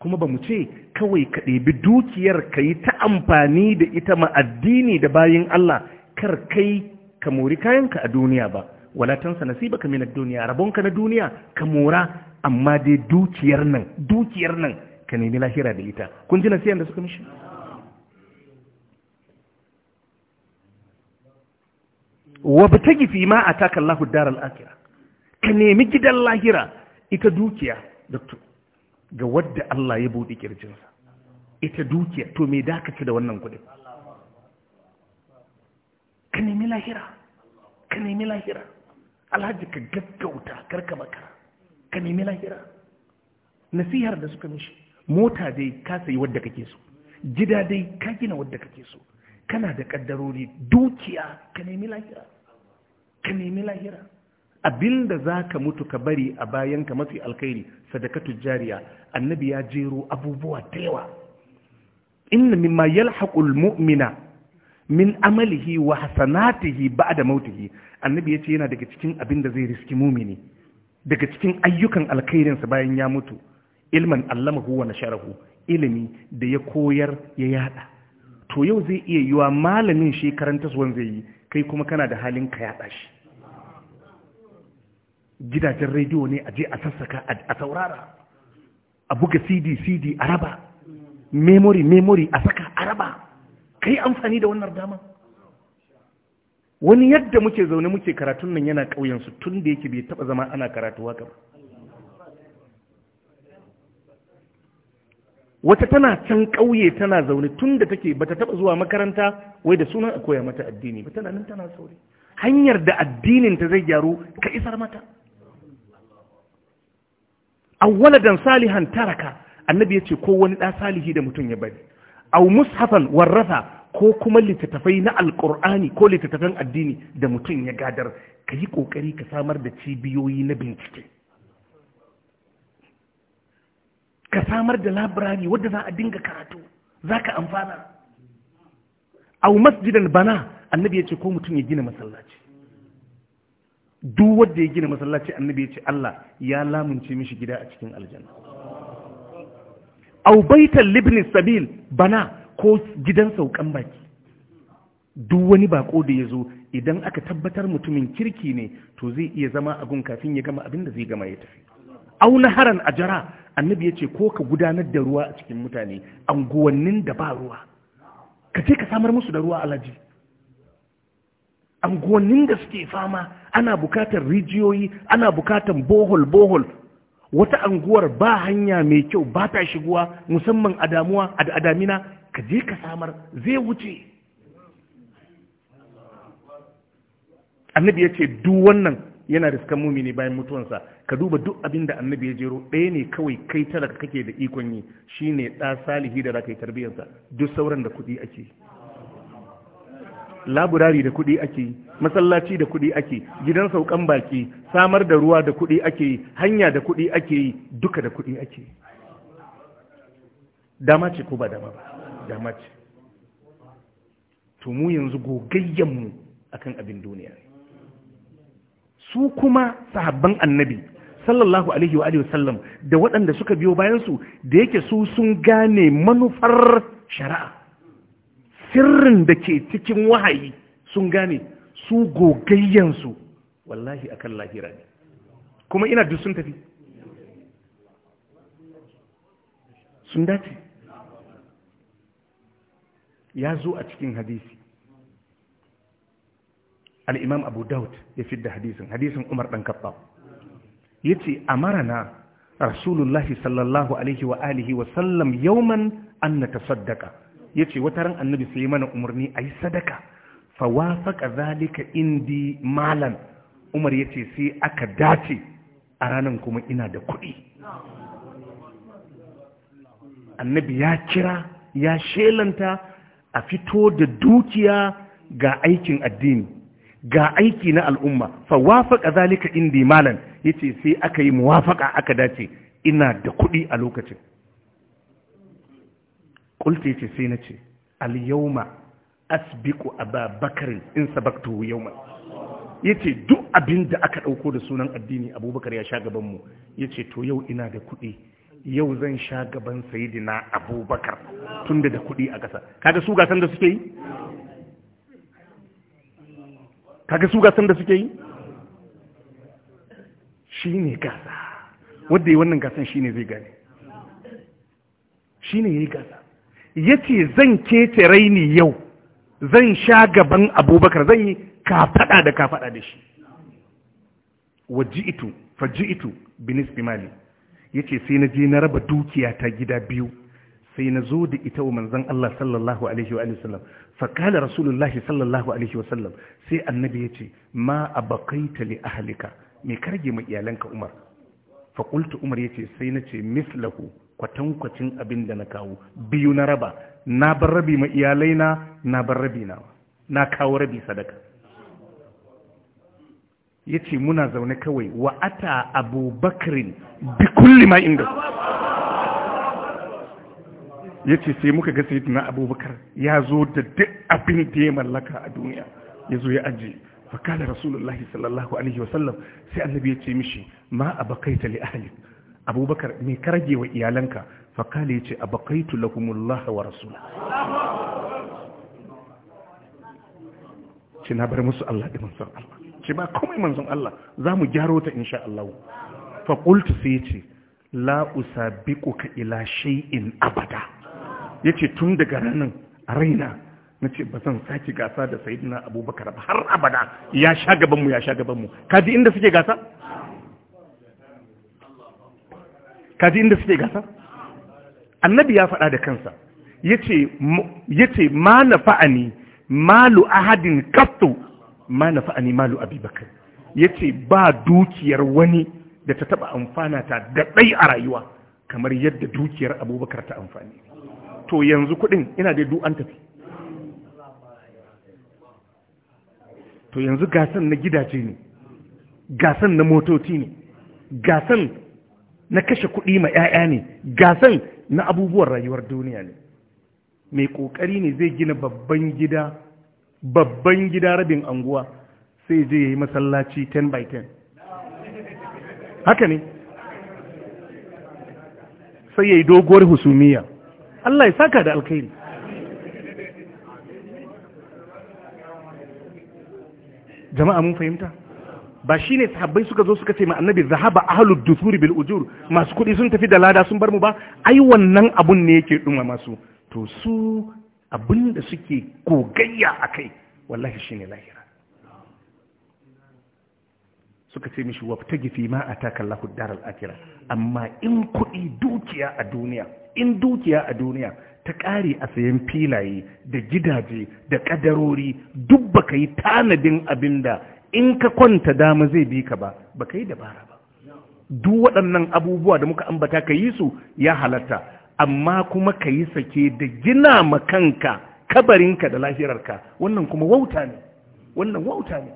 kuma ba mu ce kawai ka ɗebi dukiyar ka yi ta amfani da ita ma addini da bayin Allah kar kai ka mori kayanka a duniya ba wala tansa minad dunya rabonka na duniya ka mora amma dai dukiyar nan dukiyar nan ka nemi lahira da ita kun ji nasiyan da suka mishi wa bitagi fi ma ataka Allahu daral akhirah ka nemi gidan lahira ita dukiya doctor ga wadda Allah ya bude kirjinsa ita dukiya to me da da wannan kuɗi ka nemi lahira ka nemi lahira alhaji ka gaggauta karka makara ka nemi lahira nasihar da suka mishi mota dai ka sayi wadda kake so gida dai ka gina wadda kake so kana da ƙaddarori dukiya ka nemi lahira ka nemi lahira abinda za ka mutu ka bari a bayan ka mafi alkhairi sadaka tujjariya annabi ya jero abubuwa da yawa inna mimma yalhaqul mu'mina min amalihi wa hasanatihi ba'da mautihi annabi yace yana daga cikin abinda zai riski mumini daga cikin ayyukan alkhairinsa bayan ya mutu ilman allamahu wa nasharahu ilimi da ya koyar ya yada to yau zai iya yiwa malamin shi karantaswan zai yi kai kuma kana da halin ka yaɗa shi gidajen rediyo ne a je a sassaka a saurara a buga cd cd a raba memory memory a saka a raba kai amfani da wannan dama wani yadda muke zaune muke karatun nan yana ƙauyensu tun da yake bai taɓa zama ana karatu waka ba wata tana can ƙauye tana zaune tun da take bata taɓa zuwa makaranta wai da sunan a koya mata addini ba tana nan tana sauri hanyar da addinin ta zai gyaru ka isar mata waladan salihan taraka annabi ya ce ko wani da salihi da mutum ya bari a mushafan warrafa ko kuma littattafai na alƙur'ani ko littattafan addini da mutum ya gadar ka yi ƙoƙari ka samar da cibiyoyi na bincike ka samar da labirari wadda za a dinga karatu za ka amfana Aumas masjidan bana annabi ya ce ko mutum ya gina masallaci duk wadda ya gina masallaci annabi ya ce Allah ya lamunce mishi gida a cikin aljanna au baitan libni sabil bana ko gidan saukan baki duk wani bako da ya zo idan aka tabbatar mutumin kirki ne to zai iya zama a gun kafin ya gama abin da zai gama ya tafi au a jara, annabi ya ce ko ka gudanar da ruwa a cikin mutane anguwannin da ba ruwa ka ce ka samar musu da ruwa alaji anguwannin da suke fama ana bukatar rijiyoyi ana bukatar bohol bohol wata anguwar ba hanya mai kyau ba ta shiguwa musamman a damuwa a damina ka je ka samar zai wuce annabi ya ce duk wannan yana riskan mumini bayan mutuwansa ka duba duk abin da annabi ya jero ɗaya ne kawai kai talaka kake da ikon yi shine ɗa salihi da za ka yi tarbiyyarsa duk sauran da kuɗi ake laburari da kuɗi ake masallaci da kuɗi ake gidan saukan baki samar da ruwa da kuɗi ake hanya da kuɗi ake duka da kuɗi ake dama ce ko ba dama ba dama ce to mu yanzu gogayyanmu akan abin duniya ne su kuma sahabban annabi sallallahu alaihi wa alihi da waɗanda suka biyo bayansu da yake su sun gane manufar shari'a sirrin da ke cikin wahayi sun gane su gogayyansu wallahi akan lahira ne kuma ina duk sun tafi sun dace ya zo a cikin hadisi al'imam abu daud ya fi da hadisun hadisin umar ɗan kaɓa ya ce a marana rasulullahi sallallahu alaihi wa alihi wa sallam yauman an na tasaddaka ya ce wata ran annabi sai mana umarni a yi sadaka fawafaka zalika indi malan umar ya ce sai aka dace a ranar kuma ina da kuɗi annabi ya kira ya shelanta a fito da dukiya ga aikin addini ga aiki na al'umma fa wafaka zalika indi malan yace sai aka yi muwafaka aka dace ina da kuɗi a lokacin qultu yace sai nace al yawma asbiqu ababakar in sabaktu yawma yace duk abin da aka dauko da sunan addini abubakar ya sha gaban mu yace to yau ina da kuɗi yau zan sha gaban sayidina abubakar tunda da kuɗi a ƙasa kaga su san da suke yi kaga su gasan da suke yi shi ne gasa wadda yi wannan gasan shi ne zai gane shi ne ya yi gasa ya ce zan kece raini yau zan sha gaban abubakar zan yi kafaɗa da kafaɗa da shi waji'itu faji'itu binis bimali ya ce sai na je na raba dukiya ta gida biyu sai na zo da ita wa manzan Allah sallallahu Alaihi wa sallam faƙala rasulullahi sallallahu alaihi wasallam sai annabi ya ce ma a bakaita li ahalika mai karge ma iyalanka umar fakultu umar ya ce sai na ce mislahu kwatankwacin abin da na kawo biyu na raba na bar rabi ma iyalaina na bar rabi na na kawo rabi sadaka ya ce muna zaune kawai wa ata abubakarin bi kulli ma inda ya ce sai muka ga sayyidina abubakar ya zo da duk abin da ya mallaka a duniya ya zo ya aji, fakala rasulullahi sallallahu alaihi wasallam sai annabi ya ce mishi ma abakaita li ahli abubakar me ka rage wa iyalanka fakala ya ce abakaitu lahumullahi wa rasula ce na bar musu Allah da manzon Allah ce ba komai manzon Allah za mu gyaro ta insha Allah fa qultu sai ce la usabiquka ila shay'in abada ya ce tun daga ranar a raina na ce ba zan sake gasa da sayidina abubakar ba har abada ya sha gabanmu ya sha gabanmu kaji inda suke gasa? kaji inda suke gasa? annabi ya faɗa da kansa ya ce ma na fa'ani malu ahadin kaftu ma na fa'ani malu abubakar ya ce ba dukiyar wani da ta taɓa amfana ta da ɗai a rayuwa kamar yadda dukiyar abubakar ta amfani to yanzu kuɗin ina da duan tafi to yanzu gasan na gidaje ne gasan na motoci ne gasan na kashe kuɗi ma 'ya'ya ne gasan na abubuwan rayuwar duniya ne mai ƙoƙari ne zai gina babban gida babban gida rabin anguwa sai zai yi masallaci 10 by 10 haka ne sai ya yi doguwar husumiya Allah ya saka da alkhairi jama'a mun fahimta ba shi ne sahabbai suka zo suka ce ma annabi zahaba ahlud dusuri bil ujur masu kuɗi sun tafi da lada sun bar mu ba ai wannan abun ne yake duma masu to su abin da suke gogayya akai wallahi shine lahira suka ce mishi wabtagi fi ma ataka Allahu daral akhirah amma in kuɗi dukiya a duniya in dukiya a duniya ta ƙare a sayan filaye da gidaje da ƙadarori duk baka yi tanadin abin da in ka kwanta dama zai bi ka ba baka yi dabara ba duk waɗannan abubuwa da muka ambata ka yi su ya halatta amma kuma ka yi sake da gina ma kanka kabarinka da lahirarka wannan kuma wauta ne wannan wauta ne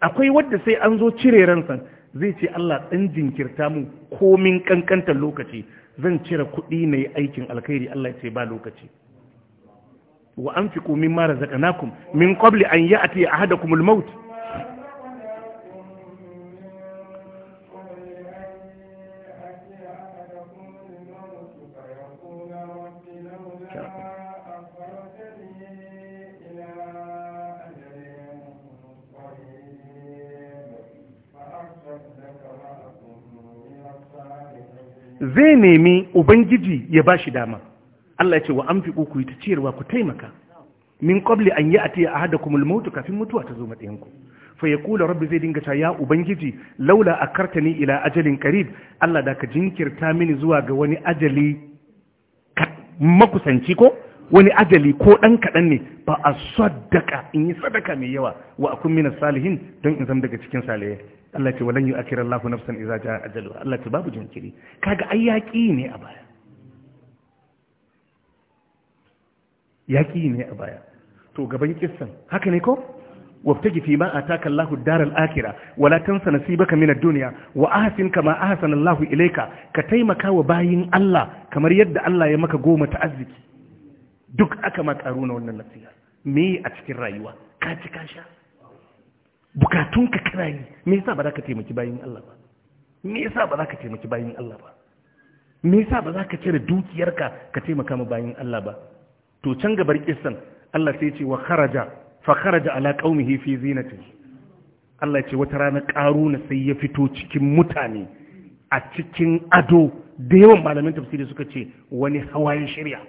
akwai wadda sai an zo cire ransa zai ce Allah ɗan jinkirta mu komin ƙanƙantar lokaci zan cire kuɗi na yi aikin alkhairi Allah ce ba lokaci wa an fi komin mara ku min kwabli an yi a te a hada kumul zai nemi ubangiji ya ba shi dama Allah ya ce wa fi ku yi ta ciyarwa ku taimaka min qabli an hada ahadakumul maut kafin mutuwa ta zo matsayinku. fa kula rabbi zai dinga ta ya ubangiji laula a akartani ila ajalin qarib Allah da ka jinkirta mini zuwa ga wani ajali makusanci ko wani ajali ko ɗan kaɗan ne ba a sadaka in yi sadaka mai yawa wa akun minas salihin don in zama daga cikin salihai Allah ce walan yu'akhiru Allahu nafsan idza jaa ajaluha Allah ce babu jinkiri kaga ai yaƙi ne a baya yaƙi ne a baya to gaban kissan haka ne ko wabtaji fi ma ataka Allahu daral Akira, wala tansa nasibaka baka mina duniya, wa ahsin kama ahsana Allahu ilaika, ka taimaka wa bayin Allah kamar yadda Allah ya maka goma ta arziki duk aka ma karuna wannan nasiha me a cikin rayuwa ka ci ka sha bukatunka kana yi me yasa ba za ka taimaki bayin Allah ba me yasa ba za ka taimaki bayin Allah ba me yasa ba za ka cire dukiyarka ka taimaka ma bayin Allah ba to can gabar kissan Allah sai ya ce wa kharaja fa kharaja ala qaumihi fi zinati Allah ya ce wata rana karuna sai ya fito cikin mutane a cikin ado da yawan malamin tafsiri suka ce wani hawayen shirya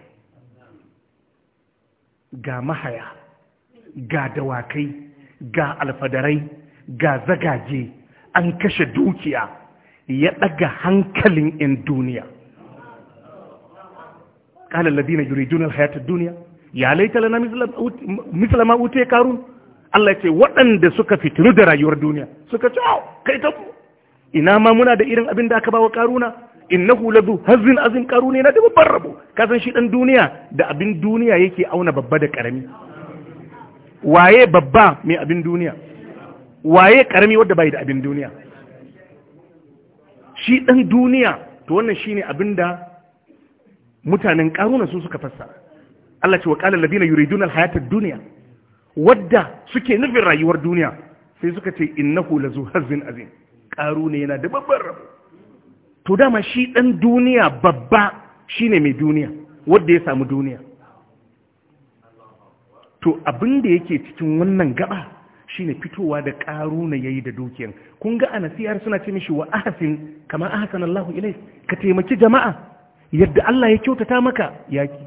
ga mahaya ga dawakai ga alfadarai ga zagaje an kashe dukiya ya ɗaga hankalin 'yan duniya ƙalar ladina yuridun hayatar duniya ya laita lana misalama wuce karun Allah ce waɗanda suka fitilu da rayuwar duniya suka ce kai ta ina ma muna da irin abin da aka bawa karuna innahu ladu hazin azin karuni na da babban rabo kasan shi dan duniya da abin duniya yake auna babba da karami waye babba mai abin duniya waye karami wadda bai da abin duniya shi ɗan duniya to wannan shi ne abin da mutanen ƙaruna su suka fassara Allah ce wa ƙalar labina yuridun hayatar duniya wadda suke nufin rayuwar duniya sai suka ce innahu la zu hazin azim ƙaruna yana da babban rabo to dama shi ɗan duniya babba shine mai duniya wadda ya samu duniya to abin da yake cikin wannan gaba shine fitowa da ƙaru na yayi da dukiyan kun ga a nasiyar suna ce mishi wa ahasin kama ahasan Allah ilai ka taimaki jama'a yadda Allah ya kyautata maka yaki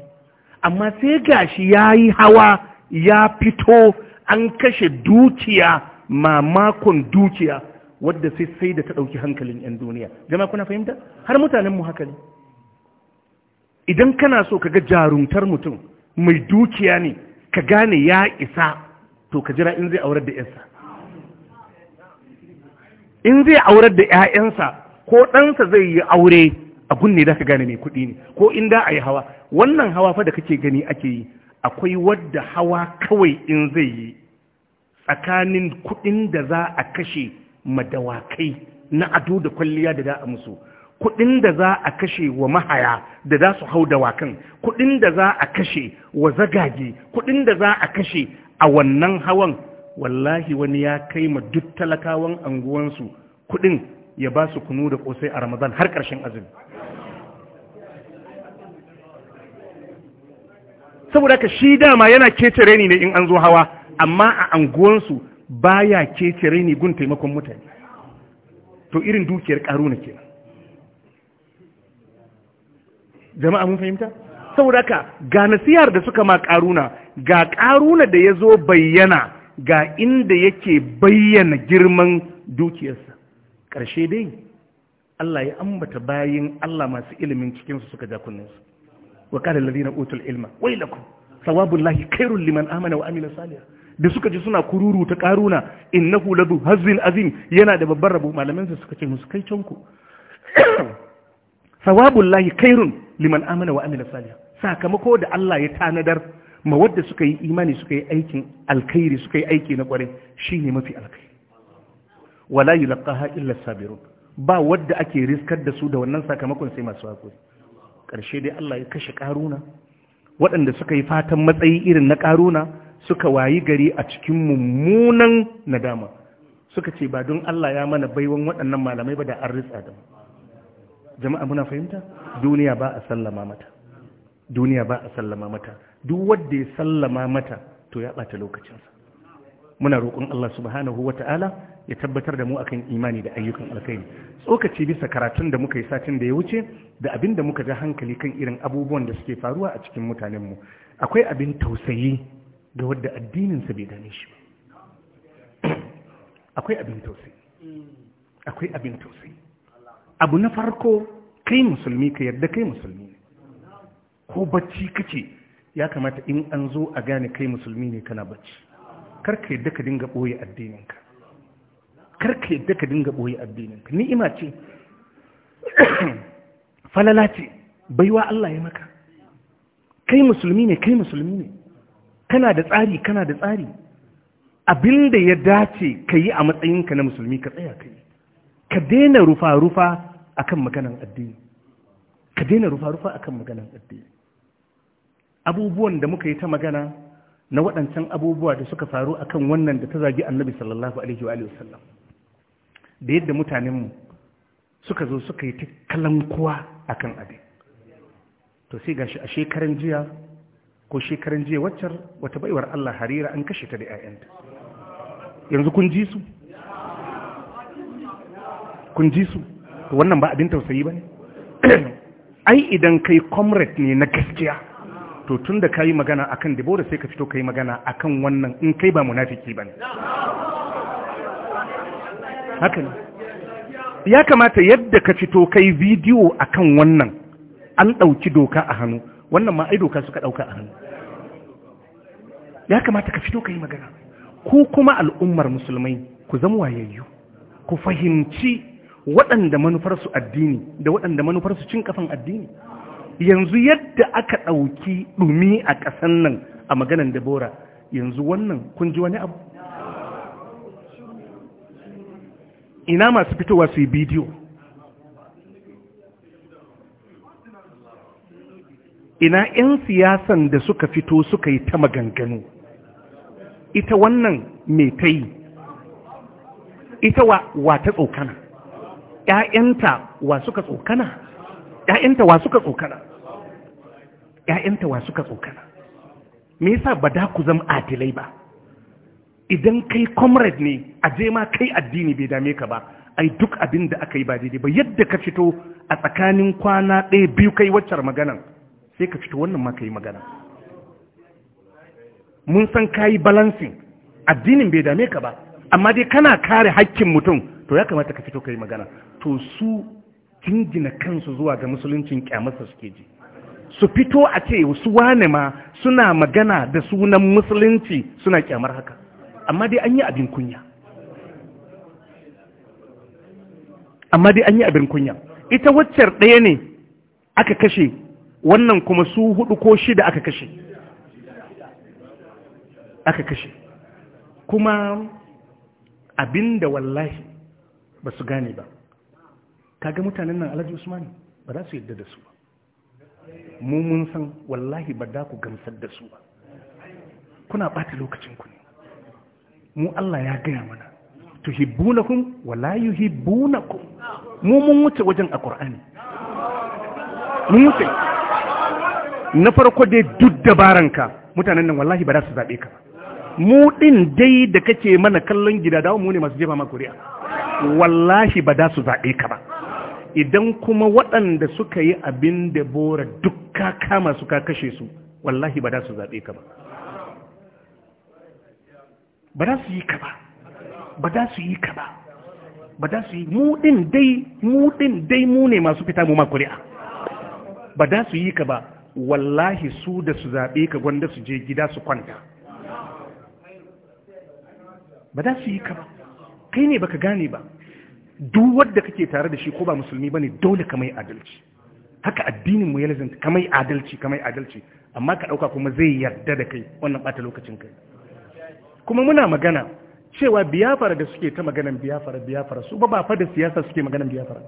amma sai gashi yayi hawa ya fito an kashe dukiya mamakon dukiya wadda sai sai da ta ɗauki hankalin yan duniya jama'a kuna fahimta har mutanen mu haka ne idan kana so ka ga jarumtar mutum mai dukiya ne ka gane ya isa to ka jira in zai aurar da yansa in zai aurar da 'ya'yansa ko ɗansa zai yi aure a gunne da ka gane mai kuɗi ne ko in da a yi hawa wannan hawa fa da kake gani ake yi akwai wadda hawa kawai in zai yi tsakanin kuɗin da za a kashe madawakai na ado da kwalliya da za a musu kuɗin da za a kashe wa mahaya da za su hau dawakan kuɗin da za a kashe wa zagage kuɗin da za a kashe a wannan hawan wallahi wani ya kai ma duk talakawan anguwansu kuɗin ya ba su kunu da kosai a ramadan har ƙarshen azumi saboda ka shi dama yana kecere ne in an zo hawa amma a anguwansu baya kecere ni gun taimakon mutane to irin dukiyar ƙaru na kenan jama'a mun fahimta saboda ka ga nasihar da suka ma karuna ga karuna da ya zo bayyana ga inda yake bayyana girman dukiyarsa ƙarshe dai Allah ya ambata bayin Allah masu ilimin cikinsu suka ja kunninsu wa qala allazina utul ilma waylakum lahi khairul liman amana wa amila salih da suka ji suna kururu ta karuna innahu ladu hazin azim yana da babbar rabu malaminsa su suka ce musu kai canku lahi khairun liman amana wa amila Saliha sakamako da Allah ya tanadar ma wadda suka yi imani suka yi aikin alkhairi suka yi aiki na kwarai shine mafi alkhairi wala yulqaha illa sabirun ba wadda ake riskar da su da wannan sakamakon sai masu hakuri karshe dai Allah ya kashe karuna waɗanda suka yi fatan matsayi irin na karuna suka wayi gari a cikin mummunan nadama suka ce ba don Allah ya mana baiwan waɗannan malamai ba da an ritsa da mu jama'a muna fahimta duniya ba a sallama mata duniya ba a sallama mata duk wanda ya sallama mata to ya bata lokacinsa muna roƙon Allah subhanahu wata'ala ya tabbatar da mu akan imani da ayyukan alkhairi tsokaci bisa karatun da muka yi satin da ya wuce da abin da muka ga hankali kan irin abubuwan da suke faruwa a cikin mutanenmu akwai abin tausayi ga wadda addininsa bai dame shi akwai abin tausayi akwai abin tausayi abu na farko kai musulmi ka yarda kai musulmi ne ko bacci kace ya kamata in an zo a gane kai musulmi ne kana bacci karka yadda ka dinga ɓoye addininka karka yadda ka dinga ɓoye addininka ni'ima ce falala ce baiwa Allah ya maka kai musulmi ne kai musulmi ne kana da tsari kana da tsari abinda ya dace ka yi a matsayinka na musulmi ka tsaya ka yi ka daina rufa-rufa akan maganan addini ka daina rufa-rufa kan maganan addini abubuwan da muka yi ta magana na waɗancan abubuwa da suka faru a kan wannan da ta zagi annabi sallallahu alaihi wa sallam da yadda mutanenmu suka zo suka yi ta kalankuwa kan abin to sai gashi a shekaran jiya ko shekaran jiya waccar wata baiwar Allah harira an kashe ta da 'ya'yanta yanzu kun ji su kun ji su wannan ba abin tausayi ba ne ai idan kai comrade ne na gaskiya to tun da ka yi magana akan debora sai ka fito ka yi magana akan wannan in kai ba munafiki ba ne haka ya kamata yadda ka fito kai bidiyo akan wannan an ɗauki doka a hannu wannan ma ai doka suka ɗauka a hannu ya kamata ka fito ka yi magana ku kuma al'ummar musulmai ku zama wayayyu ku fahimci waɗanda manufarsu addini da waɗanda manufarsu cin kasan addini yanzu yadda aka ɗauki ɗumi a ƙasan nan a maganan dabora yanzu wannan kun ji wani abu ina masu fitowa su yi bidiyo ina 'yan siyasan da suka fito suka yi ta maganganu ita wannan mai ta yi ita wa, wa ta tsokana ‘ya'yanta wa suka tsokana ‘ya'yanta wa suka tsokana ‘ya'yanta wa suka tsokana me yasa ba da ku zama adilai ba idan kai comrade ne a je ma kai addini bai dame ka ba ai duk abin da aka yi ba daidai ba yadda ka fito a tsakanin kwana ɗaya biyu kai waccar magana sai ka fito wannan ma ka yi magana mun san ka yi balancing addinin bai dame ka ba amma dai kana kare haƙƙin mutum to ya kamata ka fito ka yi magana to su jingina kansu zuwa ga musuluncin kyamarsa suke ji su fito a ce su wane ma suna magana da sunan musulunci suna kyamar haka amma dai an yi abin kunya amma dai an yi abin kunya ita waccar ɗaya ne aka kashe wannan kuma su hudu ko shida aka kashe aka kashe kuma abinda wallahi ba su gane ba kaga mutanen nan alhaji usmani ba za su yadda da su ba mu mun san wallahi ba da ku gamsar da su ba kuna lokacin lokacinku ne mu Allah ya gaya mana tuhibbunakum wala yuhibbunakum mu mun wuce wajen a Qur'ani mun wuce na farko dai duk dabaranka mutanen nan wallahi ba za su zabe ka mu din dai da kake mana kallon gida dawo mu ne masu jefa ma kuri'a wallahi ba da su zaɓe ka ba idan kuma waɗanda suka yi abin da bora dukka kama suka kashe su wallahi ba da su zaɓe ka ba ba da su yi ka ba ba da su yi ka ba ba da su yi mu ɗin dai mu dai mu ne masu fita mu ma kuri'a ba da su yi ka ba wallahi su da su zaɓe ka gwanda su je gida su kwanta ba da su yi ka ba kai ne baka gane ba duk wanda kake tare da shi ko ba musulmi bane dole ka adalci haka addinin mu ya lazanta ka adalci ka adalci amma ka dauka kuma zai yarda da kai wannan bata lokacin kai kuma muna magana cewa biyafara da suke ta maganan biyafara biyafara su ba ba fa da siyasa suke maganan biyafara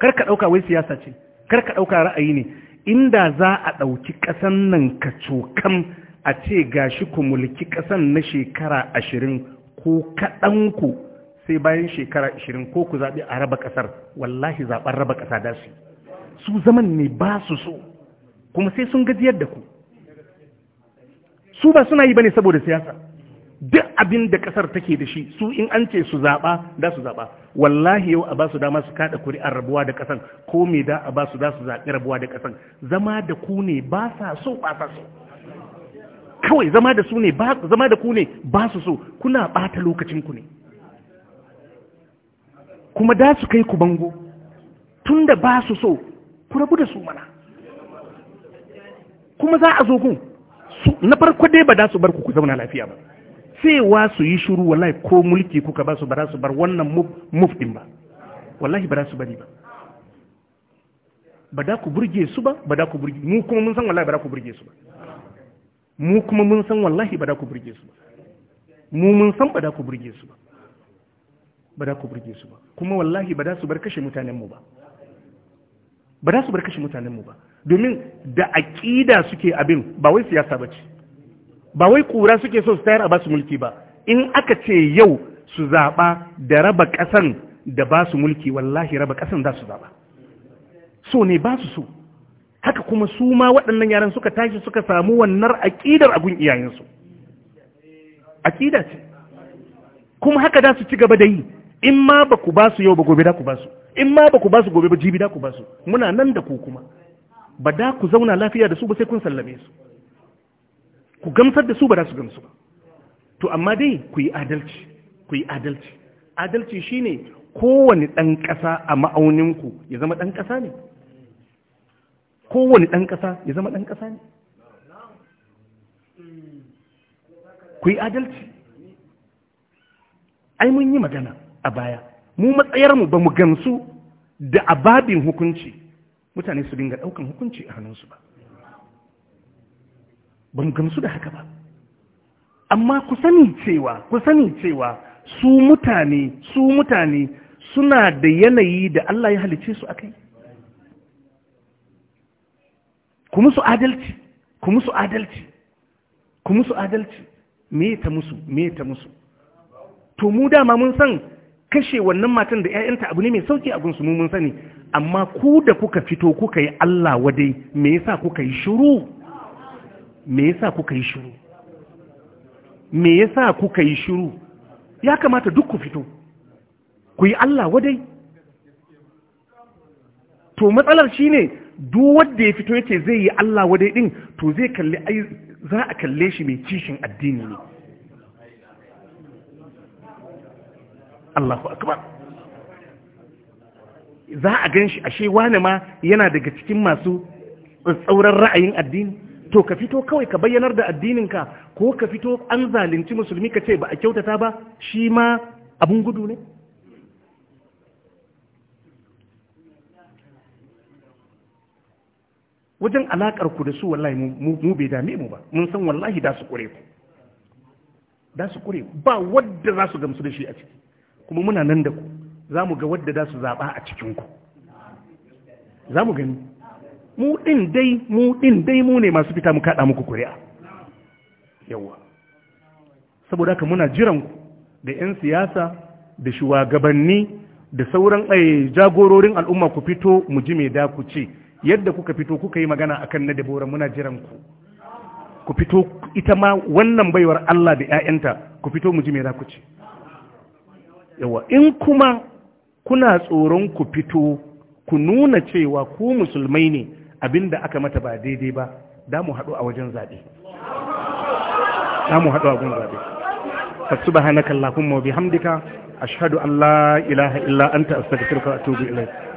kar ka dauka wai siyasa ce kar ka dauka ra'ayi ne inda za a dauki kasan nan ka cokan a ce gashi ku mulki kasan na shekara ashirin ko ku. sai bayan shekara 20 ko ku zaɓi a raba ƙasar wallahi zaɓen raba ƙasa da su su zaman ne ba su so kuma sai sun gajiyar da ku su ba suna yi ba ne saboda siyasa duk abin da ƙasar take da shi su in an ce su zaɓa da su zaɓa wallahi yau a ba su dama su kaɗa kuri'ar rabuwa da ƙasan ko me da a ba su da su zaɓi rabuwa da ƙasan zama da ku ne ba sa so ba sa so kawai zama da su ne ba zama da ku ne ba su so kuna ɓata lokacin ku ne kuma da su kai ku bango tun da ba su so ku rabu da su mana kuma za a zo ku, na farko dai ba da su bar ku ku zauna lafiya ba sai wa su yi shuru wallahi ko mulki kuka ba su ba su bar wannan mufdin ba wallahi ba su bari ba ba da ku burge su ba ba da ku burge mu kuma mun san wallahi ba da ku burge su ba mu kuma mun san wallahi ba da ku burge su ba mu mun san ba da ku burge su ba ba da ku burge su ba kuma wallahi ba da su bar kashe mutanenmu ba ba da su bar kashe mutanenmu ba domin da aƙida suke abin ba wai siyasa ba ce ba wai ƙura suke so su tayar a basu mulki ba in aka ce yau su zaɓa da raba ƙasan da ba su mulki wallahi raba ƙasan za su zaɓa so ne ba su so haka kuma su ma waɗannan yaran suka tashi suka samu wannan aƙidar gun iyayensu aƙida ce kuma haka da su ci gaba da yi in ma ba ku ba su yau ba gobe da ku ba su in ma ba ku ba su gobe ba jibi da ku ba su muna nan da ku kuma ba da ku zauna lafiya da su ba sai kun sallame su ku gamsar da su ba da su gamsu ba to amma dai ku yi adalci ku yi adalci adalci shine kowane ɗan ƙasa a ma'auninku ya zama ɗan ƙasa ne kowane dan kasa ya zama dan kasa ne ku yi adalci ai mun yi magana a baya mu matsayarmu ba mu gamsu da ababin hukunci mutane su dinga ɗaukan hukunci a hannunsu ba ba mu gamsu da haka ba amma ku sani cewa ku sani cewa su mutane su mutane suna da yanayi da Allah ya halice su akai ku musu adalci ku musu adalci ku musu adalci me ta musu me ta musu to mu dama mun san kashe wannan matan da 'ya'yanta abu ne mai sauki a gunsu mummun sani amma ku da kuka fito kuka yi Allah wadai me yasa kuka yi shiru me yasa kuka yi shiru me yasa kuka yi shiru ya kamata duk ku fito ku yi Allah wadai to matsalar shine duk wanda ya fito yace zai yi Allah wadai din to zai kalli za a kalle shi mai kishin addini ne Allahu akbar za a gan shi ashe wani ma yana daga cikin masu tsauran ra'ayin addini to ka fito kawai ka bayyanar da addininka ko ka fito an zalunci musulmi ka ce ba a kyautata ba shi ma abin gudu ne wajen alakar ku da su wallahi mu bai dame mu ba mun san wallahi da su kure ku da su kure ba wadda za su gamsu da shi a ciki kuma muna nan da ku za mu ga wadda za su zaɓa a cikinku za mu gani mu ɗin dai mu ɗin dai mu ne masu fita mu kaɗa muku kuri'a yawa saboda haka muna jiranku da 'yan siyasa da shugabanni da sauran ɗaya eh, jagororin al'umma ku fito mu ji mai da ce yadda kuka fito kuka yi magana a kan na dabora muna jiran ku ku fito ita ma wannan baiwar Allah da 'ya'yanta ku fito mu ji mai daku ku ce yawa in kuma kuna tsoron ku fito ku nuna cewa ku musulmai ne abinda aka mata ba daidai ba da mu haɗu a wajen zaɓe da mu haɗu a wajen zaɓe ba fasubhanaka allahumma wa bihamdika ashhadu an la ilaha illa anta astaghfiruka a atubu ilayk